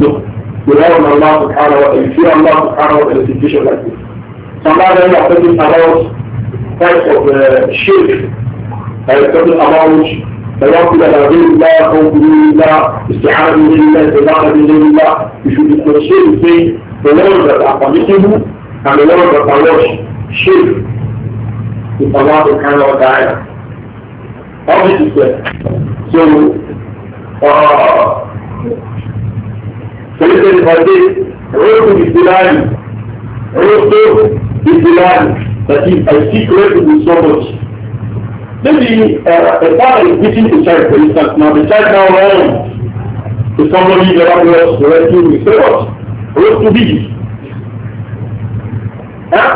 No. rely on Allah subhanahu wa ta'ala, fear Allah subhanahu wa ta'ala in a situation like this. Somebody are talking about types of uh, shirk, They are talking about توكل على غير الله خوف من الله استعانة من الله استغاثة من الله You should consider saying the words that are permissible and the words that are worship. Shirk Allah subhanahu wa Obviously, so uh, كلمة الفردية عرف الإبتلال عرف الإبتلال that is I seek refuge so much, Maybe uh, a father is beating the child, for instance. Now the child now runs to somebody that was the rescue what? to be. Huh?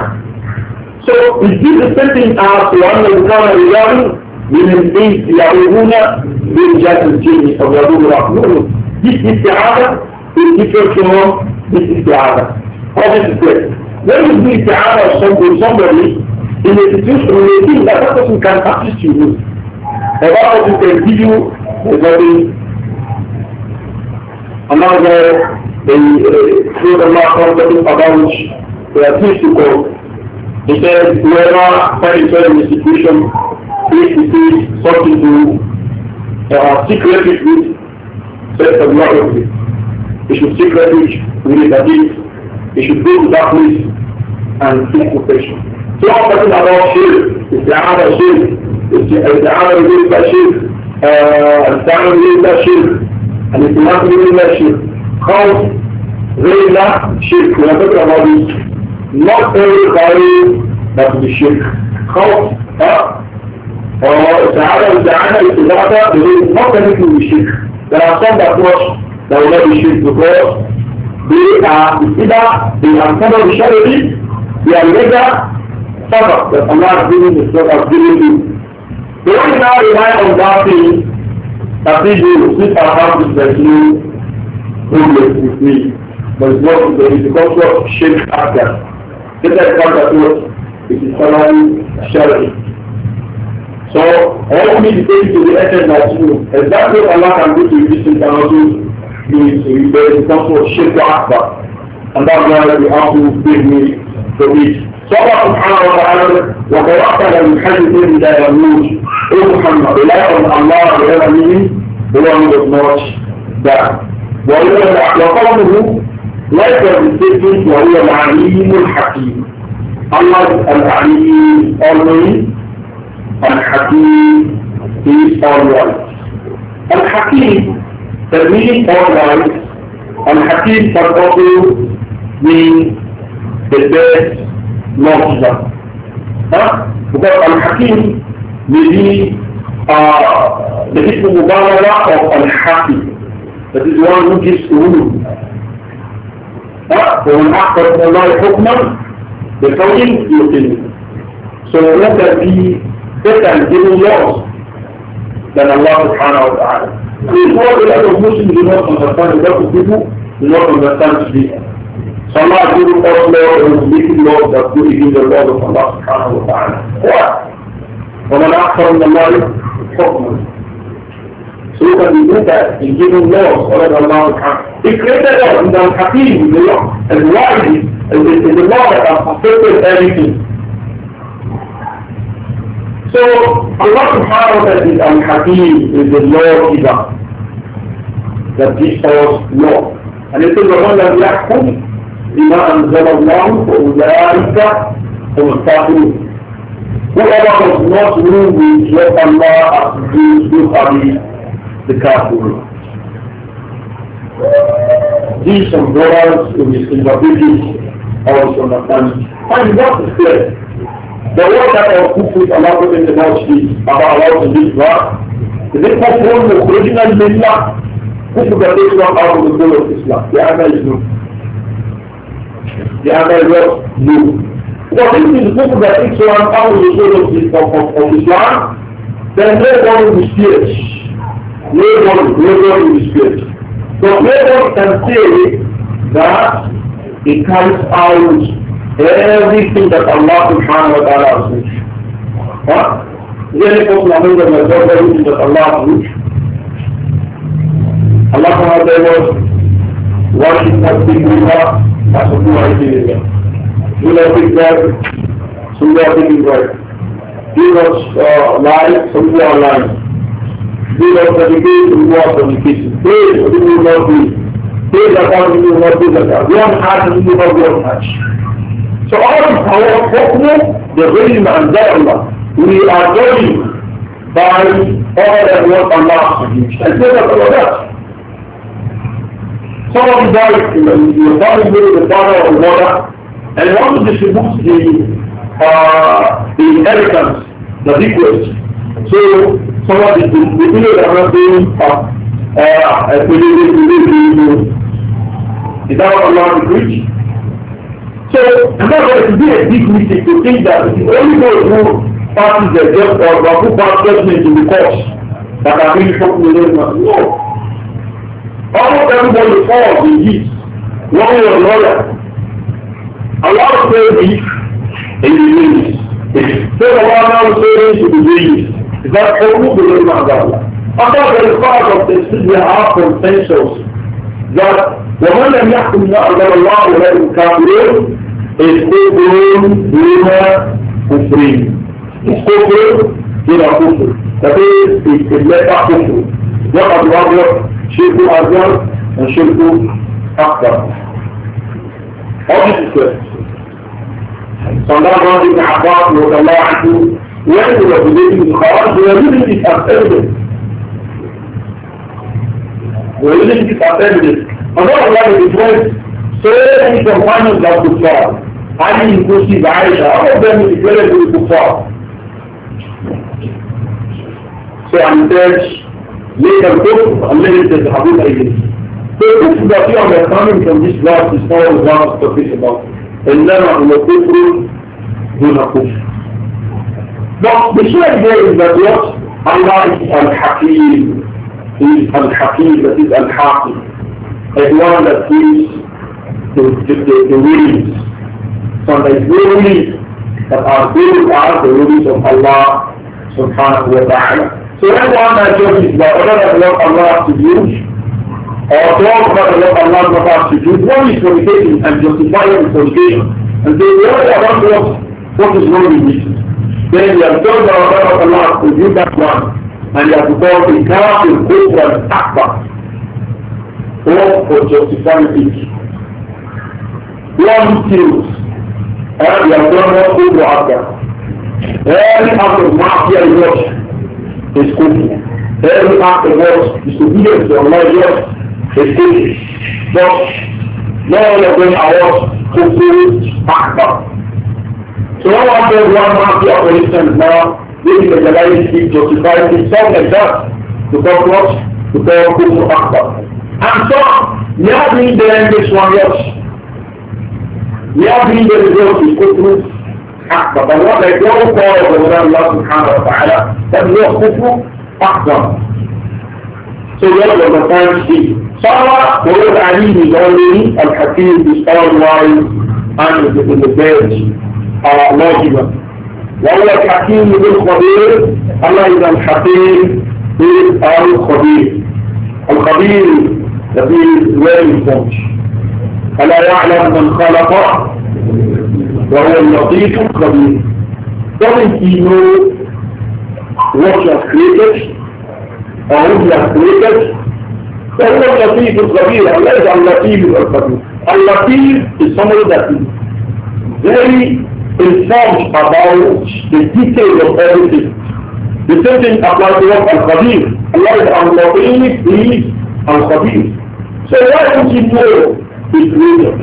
So we did the same thing as the one that become a regarding the Aruna, being just the genie of the No, This is the other this is the other. When you do the other of somebody, somebody in a situation where you think that that person can assist you with, that person can give you a very another the through the law talking about the accused to go. He said, whoever finds himself in a situation, if he something to uh, secretly with, says the law of it. We should seek refuge with the hadith. We should go to that place and seek protection. So I'm talking about shirk, the other isti'ana with the shirk, isti'ana with the shirk, uh, and isti'ana with the How Cause Rayla shirk, we are talking about this. Not every Qari that is shirk. How huh? Or isti'ana, isti'ana, isti'ana, not everything is shirk. There are some that watch that will not be shirk because they are either they are covered with charity, they are later suffer that Allah has given the sort of giving you. They only now rely on that thing that they do, since our house is like who lives with me. But it's not because it's because after. This is what that was. It is somebody charity. So, I want me to take it to the essence that you, exactly what Allah can do to you, this thing can also Please, صلى سبحانه وتعالى وتوكل من حدث الى يموت محمد لا يقل الله غير مين هو من الناس ده وقوله ليس بالسجن وهو العليم الحكيم الله العليم always الحكيم is always الحكيم The meaning Tadmini spotlight on Hakim Sarkozy means the best knowledge, Huh? Because Al-Hakim may be uh, the people Mubarak of Al-Hakim. That is one who gives rule. Huh? So when after Allah Hukman, the Tawin you can. So let that be better and giving laws than Allah subhanahu wa ta'ala. This is what a lot of Muslims do not understand, a lot of people do not understand today. So Allah gave us law and is making laws that go against the laws of Allah subhanahu wa ta'ala. Why? وَمَنْ the مِنَ اللَّهِ حُكْمًا So you can do that in giving laws other than Allah subhanahu He created us in the Hakim, in the law, and wise, and the, in the law that has perfected everything. So Allah subhanahu wa ta'ala is al-Hakim, is the law giver that gives us law. And it is the one that يحكم بما أنزل الله فأولئك هم الكافرون. Whoever does not rule with what Allah has given to Habib, the kafir. These are brothers in his individuals also And what is clear? But what type of good food Allah put in the mouth about allowed to live right? Is it possible the original millah? People can take one out of the goal of Islam. The answer is no. The answer is what? No. What if these people that take one out of the goal of, of, of Islam, then no one will be scared. No one, no one will be scared. So no one can say that it comes out everything that Allah subhanahu wa ta'ala has made. Huh? Is there any person among them that everything that Allah has made? Allah subhanahu wa ta'ala was worship not being Allah, that's what you are doing there. Do not think that, so you are thinking right. He was uh, lies, so you are lying. He was education, so you are education. Pray, so you will not be. Pay the account, you will not we don't have to you will not be one heart. So all of our problem, the rhythm and dharma, we are going by all that what Allah produced. And so that's all that. Somebody dies, you know, your father is the father of water, and he wants to distribute the, uh, the inheritance, the bequest. So somebody, the, the people that are being, uh, uh, believe, believe, believe, is that what Allah preached? So, I'm not going to be a big mistake to think that the only those who pass the death or who pass judgment in the courts that are being spoken to them. No. Almost everybody falls in this, one way or another. A lot of things in the news. So, a lot of things in the news. Is that only the name of God? After the part of the city are consensus that ومن لم يحكم ما أنزل الله ولا الكافرون الكفر بما كفرين الكفر بلا كفر فبين استبلاء كفر وقد وضع شرك أصغر وشرك أكبر أجل صلى الله عليه وسلم عباس رضي الله عنه يأتي وبدأ الخراج ويجب أن تستقبل ويجب أن تستقبل فضل الله بالإجراء ثاني كمبانيون بتاع الكفار علي الكرسي عايشة أفضل من الرجالة دول الكفار فعنتاج ليه الكفر الذي انت تحبون أي جنس فالكفر ده فيه على الثامن كان ديش لا تستوى الله تستفيش الله إنما هو كفر دون كفر مش هيك جايز ده الله يسأل حكيم يسأل حكيم تسأل حاكم إخوان لكيس the, the, the, the rulings. Sometimes the rulings that are good are the rulings of Allah subhanahu wa ta'ala. So anyone that judges is, whatever that what Allah has to do, or talks about what Allah does have to do, one is fornicating and justifying fornication. And they worry about what, what is wrong with it. Then they have told the order of Allah to do that one, and they have become a kafir, kufr, and akbar, all for justifying it. one kills eh, and you have done one thing to after. Every act of mafia is what is cooking. Every act of what is obedience to Allah is what is cooking. But none of them are what cooking after. So now I said one mafia for instance now, this is a legalistic justified in some like that because what? Because cooking after. And so, now being there this one, yes. يبني بالزوج الكفر أكبر بل وضع الجو قال الله سبحانه وتعالى تبلغ كفر أكبر سيرى المكان شيء صار ويرد عليه بقوله الحكيم بصار الله عن الزوج واجبا وهو الحكيم بالخبير الله إذا الحكيم بالخبير الخبير الذي لا يفهمش ألا يعلم من خلق وهو اللطيف الخبير doesn't he know what you have created فهو اللطيف الخبير الله يجعل اللطيف الخبير اللطيف is somebody very informed about the details of everything The same thing applies to what Al-Khabir. Allah is al khabir He is Al-Khabir. So why don't you know is needed.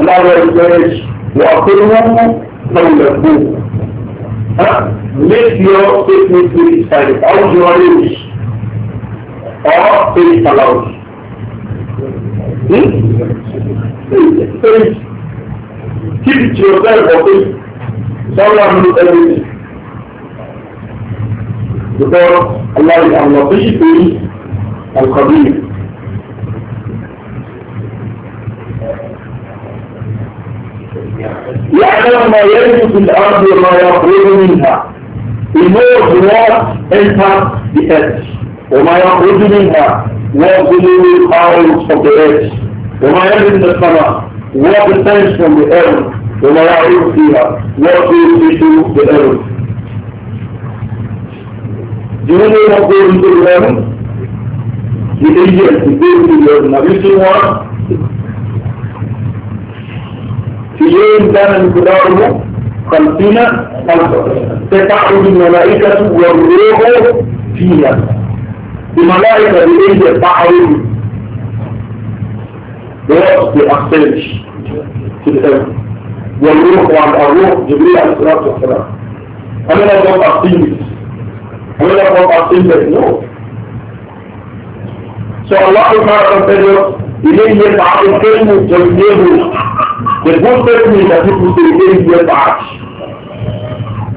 Another says, وَأَقِلْهُمْ قَوْلَهُمْ Let your statement be this out your lips, or say it aloud. Hmm? Keep yourself Someone knows everything. Because Allah is al-Latif, al-Khabir. يعلم ما يجري في الأرض وما يخرج منها He knows what enters the earth وما يخرج منها what will out of the earth وما in the summer? what descends from the earth وما يعود فيها what goes into the earth Do you know what goes into the earth? The angels, the baby, the earth. Have one? الليل كان مقداره خمسين ألف تتعرض الملائكة والروح فيها الملائكة بالليل تقعد بوقت أخسرش في الأرض والروح وعن الروح جبريل عليه الصلاة والسلام أنا لا أقوم أقيم أنا لا أقوم أقيم نو سأل الله تعالى إليه يتعرض كلمة جميله The good person that people say they give back.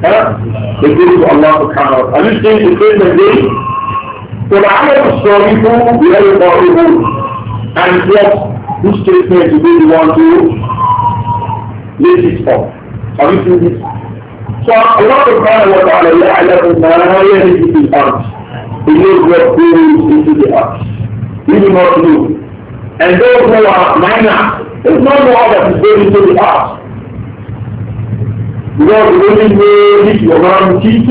Huh? They give to Allah subhanahu wa ta'ala. Are you saying the same as they? So the Amal Sarifu, the other Sarifu, and what this statement you really want to lift it up. Are you seeing this? So what Allah subhanahu wa ta'ala يعلم ما يلد في الأرض. He knows what goes into the earth. He will not know. And those who are minor It's no more that is going into the heart. Because the only way this your run teaches,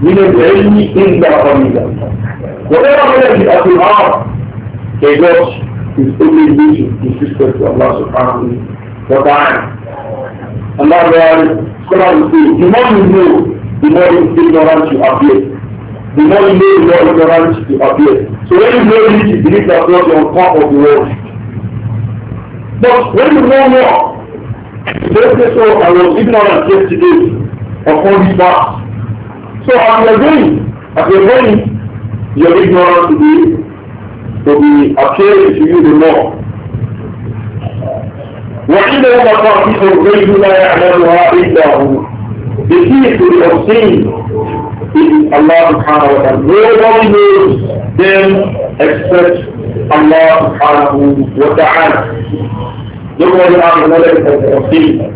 you know, the enemy in that family. Whatever happens at the heart, they got his only vision, his respect to Allah subhanahu wa ta'ala. that God, scholars will say, the more you know, the more ignorant you appear. The more you know, the more ignorant you appear. So when you know this, you believe that God is on top of the world. But when you know more, let's say so I was ignorant yesterday of all these facts. So as you're going, as you're going, your ignorance will be, will be appearing to you the more. وعنده مفاتيح الغيب لا يعلمها إلا هو. The key to the obscene Allah subhanahu wa ta'ala. Nobody knows them except Allah subhanahu wa ta'ala. Nobody has the letter of the him.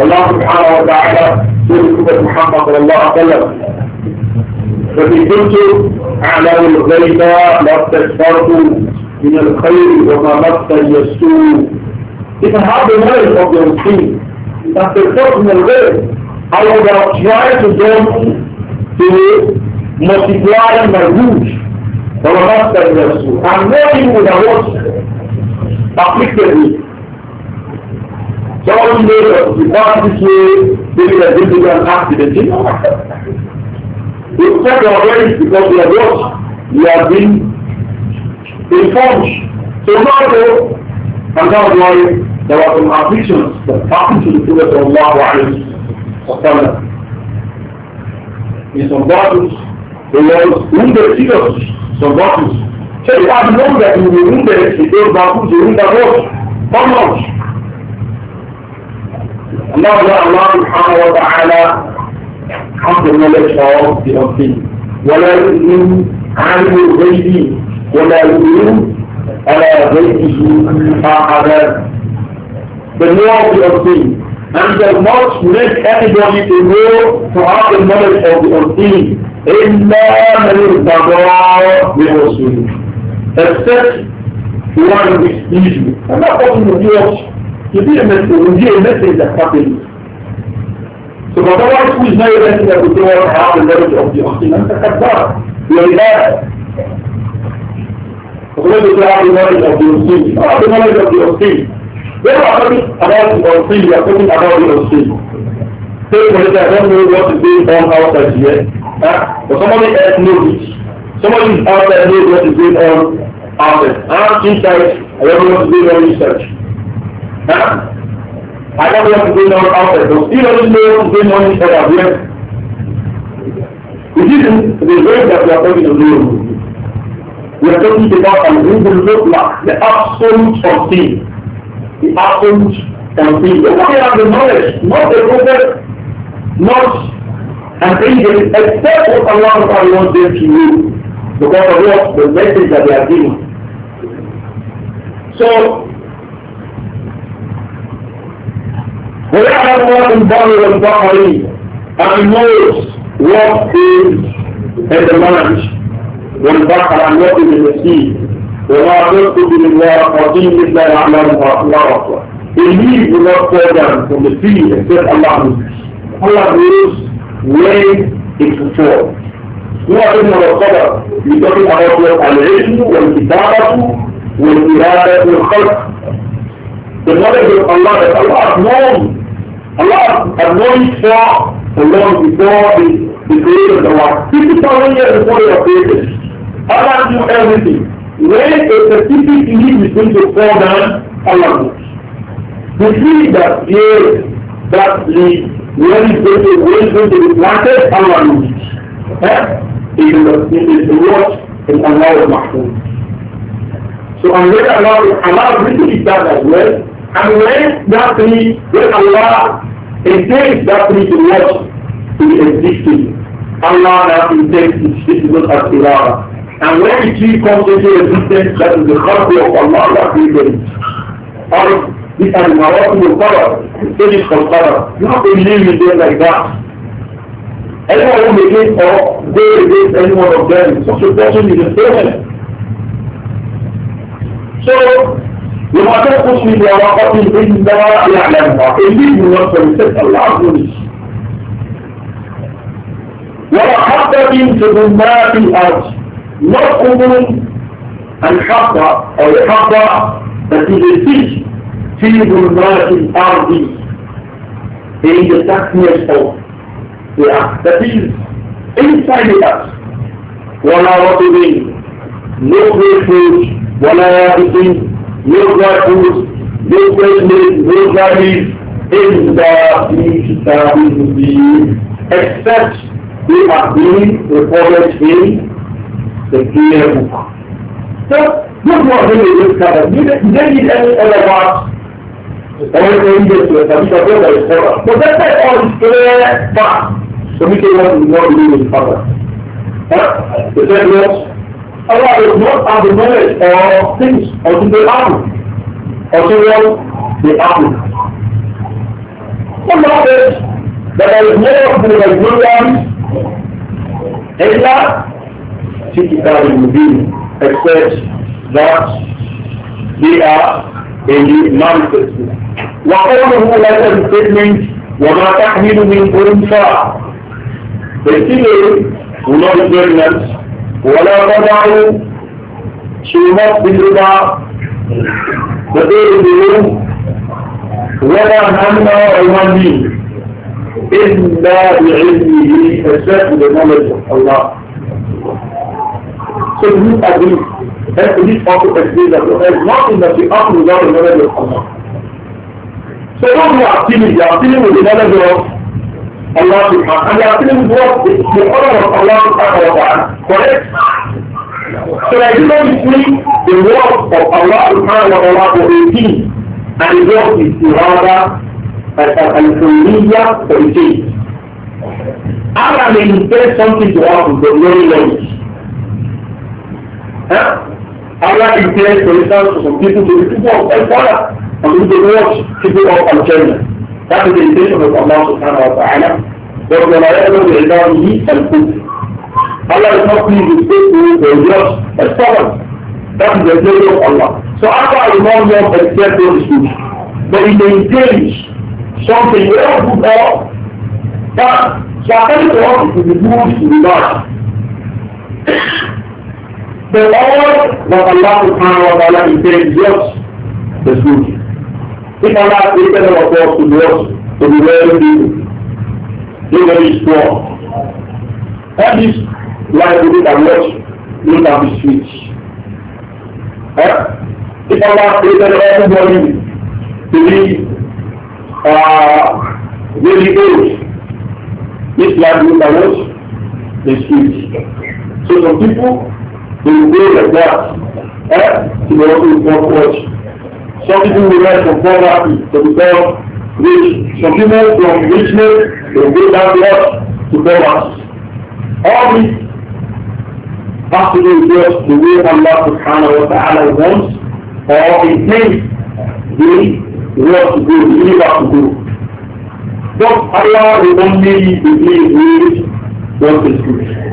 Allah subhanahu wa ta'ala said to Muhammad sallallahu alayhi wa sallam, فَإِنْ كُنْتُ أَعْلَمُ الْغَيْبَ لَاسْتَكْبَرْتُ مِنَ الْخَيْرِ وَمَا مَسَّنِيَ السُّوءُ If I have the knowledge of the unseen, that's the first in the way, I would have tried to jump to multiply my good from Allah Subhanahu wa I'm not even with a watch applicably. Some way of the this way, maybe they didn't do an accident. Instead of already because we are watched, we have been informed. So now though, and that's why there were some afflictions that happened to the Prophet of Allah wa sallam. em são Paulo, votos, pelos umbrecidos, são Paulo. votos. Você sabe o nome daquele umbrecido, votos e um de da voz? vamos nome? Allah Allah subhanahu wa ta'ala حفظنا الاشعار في ربه ولا يؤمن عالم الغيب ولا يؤمن على غيبه احدا بالنور في ربه and does not make anybody to go to have the knowledge of the unseen. إِلَّا مَنِ ارْتَضَىٰ بِرَسُولِ Except the one who is evil. I'm not talking to you. To be a message, to be a message that happens. So but otherwise who is not a message that will go on have the knowledge of the unseen? And that's that. You are bad. So when to have the knowledge of the unseen, you ah, have the knowledge of the unseen. They were talking about the Osei, they are talking about the Osei. Say, for example, I don't know what is going on outside here. Huh? But somebody else knows it. Somebody is outside knows what is going on outside. I'm inside, I don't know what is going on inside. Huh? I don't know what is going on outside, but still I don't know what is going on inside of here. It isn't the way that we are talking about. We are talking about an evil look the absolute of things. it happened and things. They only have the knowledge, not the prophet, not and things except what Allah wants them to you because of what the message that they are giving. So ويعلم ما في البر والبحر and knows what is in the land والبحر and what is in the sea وما تنقض لله قديم إلا يعلمها الله أكبر Believe will not fall down from the tree except Allah knows. Allah knows when it will fall. هو علم الصبر يتقي على العلم والكتابة والإرادة والخلق. The knowledge of Allah that Allah has known. Allah has known it for the long before the, the creation of the world. 50,000 years before they were Allah knew everything when a specific leaf is going to fall down, Allah knows. The tree that bears that leaf, when it's going to, when it's going to be planted, Allah knows it. Eh? It is the, it is the word in Allah of Mahfuz. So and when Allah, Allah written it down as well, and when that tree, when Allah intends that tree to what? To be existing. Allah now intends it, it is not as And when it comes into existence, that is the copy of Allah that created it. Or this animal, what will cover? It is for cover. You have to live with them like that. Anyone who against or go against any one of them, such a person is a person. So, وما تنقص من ورقة إلا يعلمها اللي يوصل ست الله عز ولا حبة في ظلمات الأرض not even الحبة أو الحبة that is a fish في ظلمات الأرض in the darkness of the earth that is inside the earth ولا رطب no great fruit ولا يابس no dry fruit no great meat no dry In the في كتاب the except they have been reported in the kiyar kuka so duk wanda ne ya suka ba ni da ni da ni ala ba wani da yake so da shi da da shi so that all is clear but so we can not ignore the meaning of The that yes Allah is not at the knowledge of things or to the happen or to what they happen Allah says that there is no one who is not في كتاب المبين except that they are in the manifest. وقوله like a statement وما تحمل من أنثى They still will not be pregnant ولا تضع she will not be the day in the womb ولا هم or human being إلا بعلمه except with the knowledge of Allah. So we agree that police also agrees that there is nothing that we have to do without the knowledge of Allah. So what we are feeling, we are feeling with the knowledge of Allah subhanahu and we are feeling what the order of Allah subhanahu wa ta'ala. Correct? So that you don't see the work of Allah subhanahu wa ta'ala for 18 and the word is irada al-kulliya for 18. Allah may say something to happen in the very language. Allah prepared for instance for some people to be people of Al-Qur'an and to be watch people of Al-Jannah. That is the intention of Allah subhanahu wa ta'ala. But when I ever the Islamic and Kufr, Allah is not pleased with people who are just as stubborn. That is the intention of Allah. So after I know your accept those issues, but it maintains something well good or bad. So I tell you what, So all that Allah subhanahu wa ta'ala intends what? The good. If Allah created our thoughts to do what? To be very evil. Be very strong. That is why we can watch, we can be sweet. Eh? If Allah created everybody to be uh, very old, this life we can watch, the sweet. So some people They go like that. Eh? It also is not much. Some people will rise from poverty to become rich. Some people from richness, they go down what? To poverty. All this has to do with just the way Allah subhanahu wa ta'ala wants or intends the want to do the universe to go. But Allah will only believe with what is good.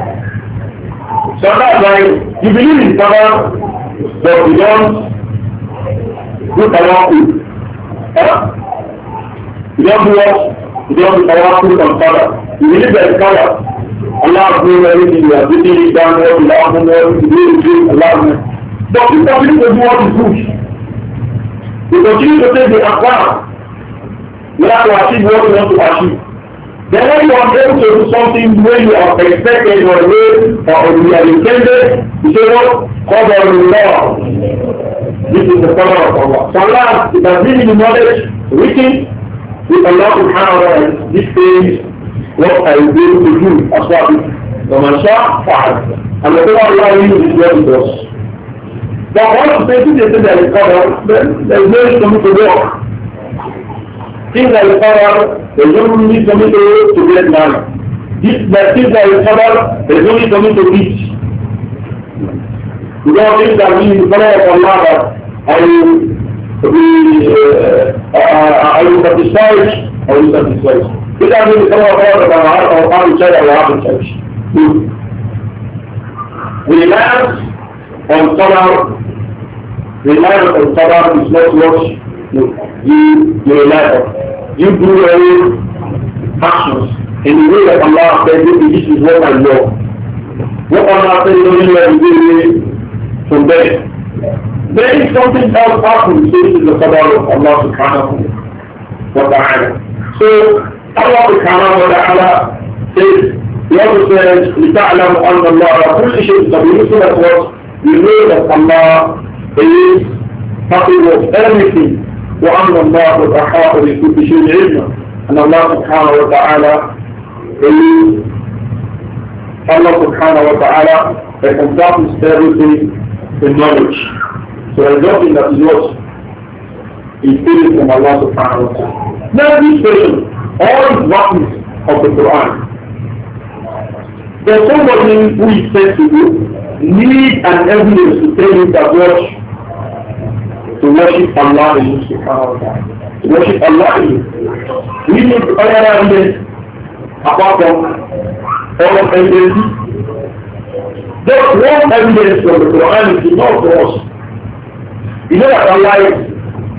Sometimes like you believe in someone, but you don't do tawakkul. Huh? You don't do what? You don't do tawakkul from Qadar. You believe that Qadar. Allah has made everything. You are done what you love, you know, you do, But you continue to do what you do. You continue to take the akbar. You have to achieve what you want to achieve. Then when you are able to do something when you are expected or made or you are intended, you say what? Cover the law. This is the power of Allah. So Allah is giving you knowledge, written with Allah subhanahu wa ta'ala. This is what I will be able to do as far as ومن شاء فعل. And whatever Allah uses is what it does. But once the person is in the recovery, then there is no need for me to work. things that recover, there's no need for me to, to get money. This, things that recover, there's no need for me to reach. You don't think that we follow up on that I will uh, be, uh, uh, I satisfied, up church, church. We not much you, you you do any actions in the way that Allah said, this is what I know. What Allah said, you know, you from there. There is something else happening, this is the qadar of Allah subhanahu wa ta'ala. So, Allah subhanahu wa ta'ala says, The other says, لِتَعْلَمُ أَنَّ اللَّهَ عَلَى كُلِّ شَيْءٍ قَدِيرٌ that was, you know that Allah is capable of everything. وأن الله أحاط بكل شيء علما أن الله سبحانه وتعالى Allah subhanahu wa ta'ala encompasses everything in knowledge. So there's nothing that is lost. It is from Allah subhanahu wa ta'ala. Now this person, all the witness of the Quran. There's somebody who is said need an evidence to tell you that what to worship Allah in To worship Allah in We need other evidence apart from all of evidence. Just one evidence from the Quran is enough for us. You know that Allah is,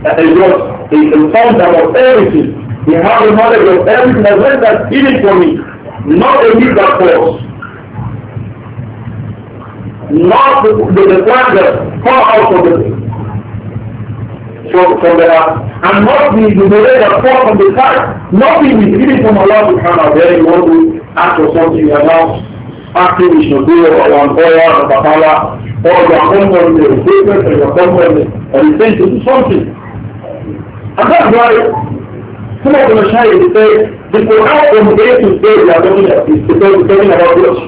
that is God, is the founder of everything. He has the knowledge of everything as well as given for me. Not a gift that falls not the, the, the plan that far out of the from, from the heart. And not be the way that fall from the sky. Not be receiving from Allah subhanahu wa ta'ala. You want to ask for something you are now asking do or Lankoya or Kapala or your company, your statement or your company, or you say to do something. And that's why some of the Mashiach say, the Quran from day to day they are talking about, is talking about what?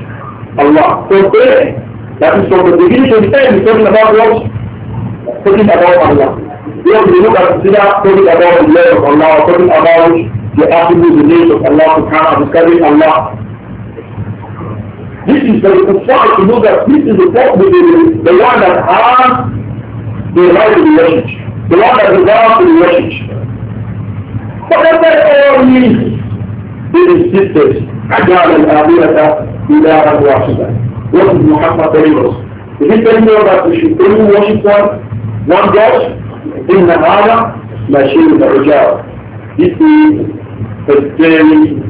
Allah. From day, that is from the beginning to the end, is talking about what? Talking about Allah. Here we look at consider talking about the love of Allah, talking about the attributes, the names of Allah, subhanahu describing Allah. This is the important to know that this is the, the, the one that has the right to be worshipped, the one that desires to be worshipped. Whatever all means, they insisted, أجعل الآلهة إلها واحدا. What is Muhammad telling us? Is he telling us that we should only worship one, one God? إن هذا مشير العجاب This is a very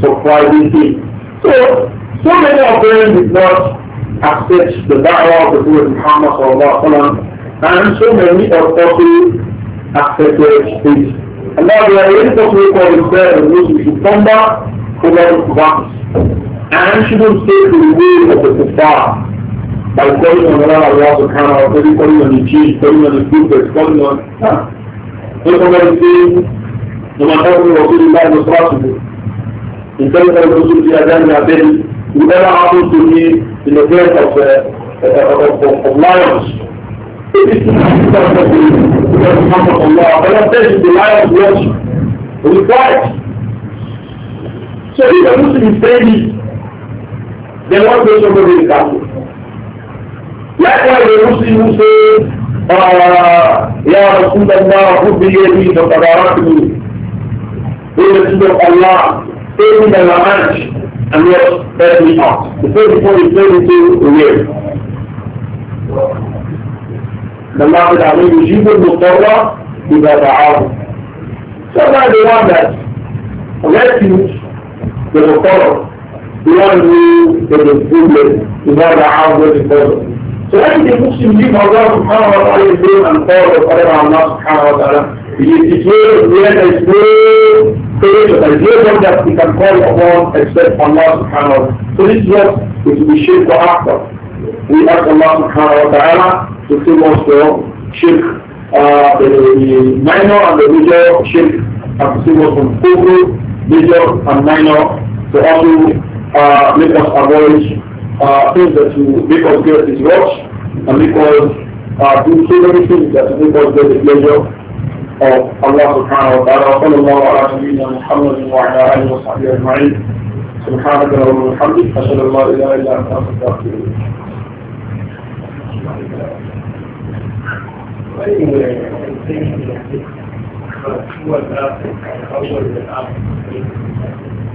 surprising thing. So, so many of them did not accept the da'wah of the Prophet Muhammad sallallahu alaihi wasallam, and so many of them accepted this. And now they are very possible for themselves and those who should come back over the Quran and shouldn't stay to the way of the Kuffar by calling on Allah subhanahu wa ta'ala, calling on the chief, calling on the stupid, calling on... Nah. what somebody says, وما قبل رسول الله نصرته إن كان الرسول في أذان العبد وده عاطل في in the face uh, of, of, of, of lions. It is not the Prophet of Allah. Allah says the lions watch. So if a Muslim is crazy, then one person will be the Catholic. يقول المسلم آه يا رسول الله خذ بيدي فتباركني يا رسول الله take me by and just let me out. The first point is very to aware. The Allah Ta'ala is Yusuf Mustafa إذا دعاه. Sometimes the one that refuge the Mustafa, the one who is the problem, إذا دعاه the problem. لكن المسلم ليه موضوع سبحانه وتعالى يقول أن قال وقال على الله سبحانه وتعالى يتكلم ولا يسلم فيش الجيل ده في كان قال الله except الله سبحانه وتعالى so this is what is the shirk after. we ask Allah سبحانه وتعالى to save us from the minor and the major shirk and to save us from kufr major and minor to also make us avoid uh, things that you make us get watch and make us uh, do so many things that make us get the pleasure of Allah subhanahu wa ta'ala. صلى الله على سيدنا سبحانك اللهم وبحمدك أشهد أن لا إله إلا أنت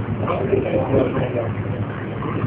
أستغفرك.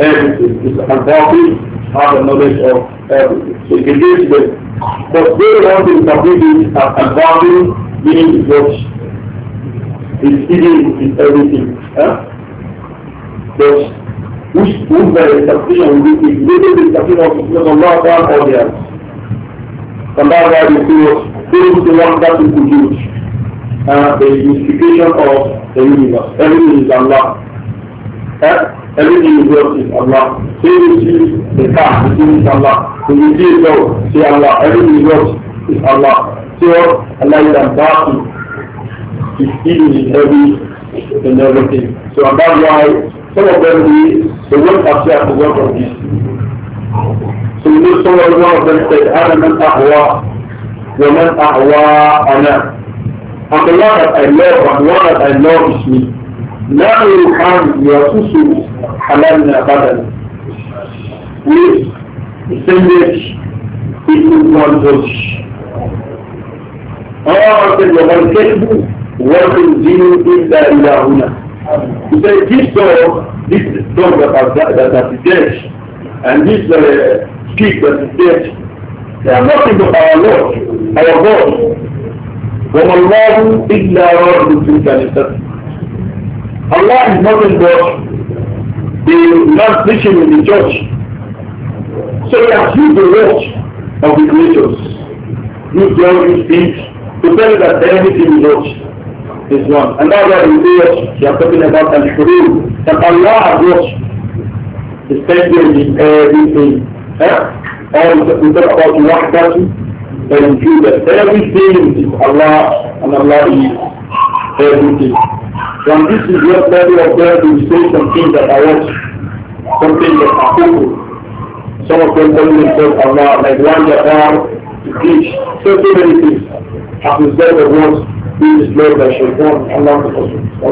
everything. It's an have a knowledge of everything. So you can get them. But they want to interpret it as an Babi meaning what is hidden in everything. Huh? But which proves that the interpretation will be to the interpretation of Allah Ta'ala or the others. And that's why they say what? the one that will produce. Uh, the unification of the universe. Everything is Allah. Huh? everything you do is Allah. Say you see the car, you see is Allah. When you see it go, say Allah. Everything you do is Allah. So Allah is Al-Baqi. He's dealing in every and everything. So and that's why some of them we they won't accept the word of this. So you know someone one of them said, I أنا من أهوى ومن أهوى أنا. And the one that I love and the one that I love is me. we have your نعلم حال يخصه حلالنا بدل ويستنجش يكون مالبوش آه عبد الله الكلب وكل دين إلا إلى هنا إذا جيت this dog that has that that has dead and this uh, sheep that is dead they are nothing but our Lord our God from Allah إلا رب تلك الستين Allah is nothing but the last teaching in the church. So he has used the words of the creators. Use their own speech to tell you that everything is what is one. And now that we say they are talking about al shurur that Allah has what is taking in everything. Eh? All we talk about one person, and you that everything is Allah and Allah is everything. From this is what many of them will say some things that I want, something that I hope. Some of them call themselves Allah, like one are to teach. So, so many things. As we said that once, this is that by come. Allah the Prophet,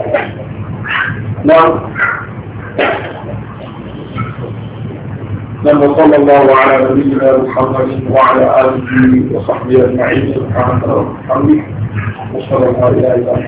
Allah. Now, لما صلى الله على نبينا محمد وعلى آله وصحبه أجمعين سبحانه وتعالى وبحمده وصلى الله إلى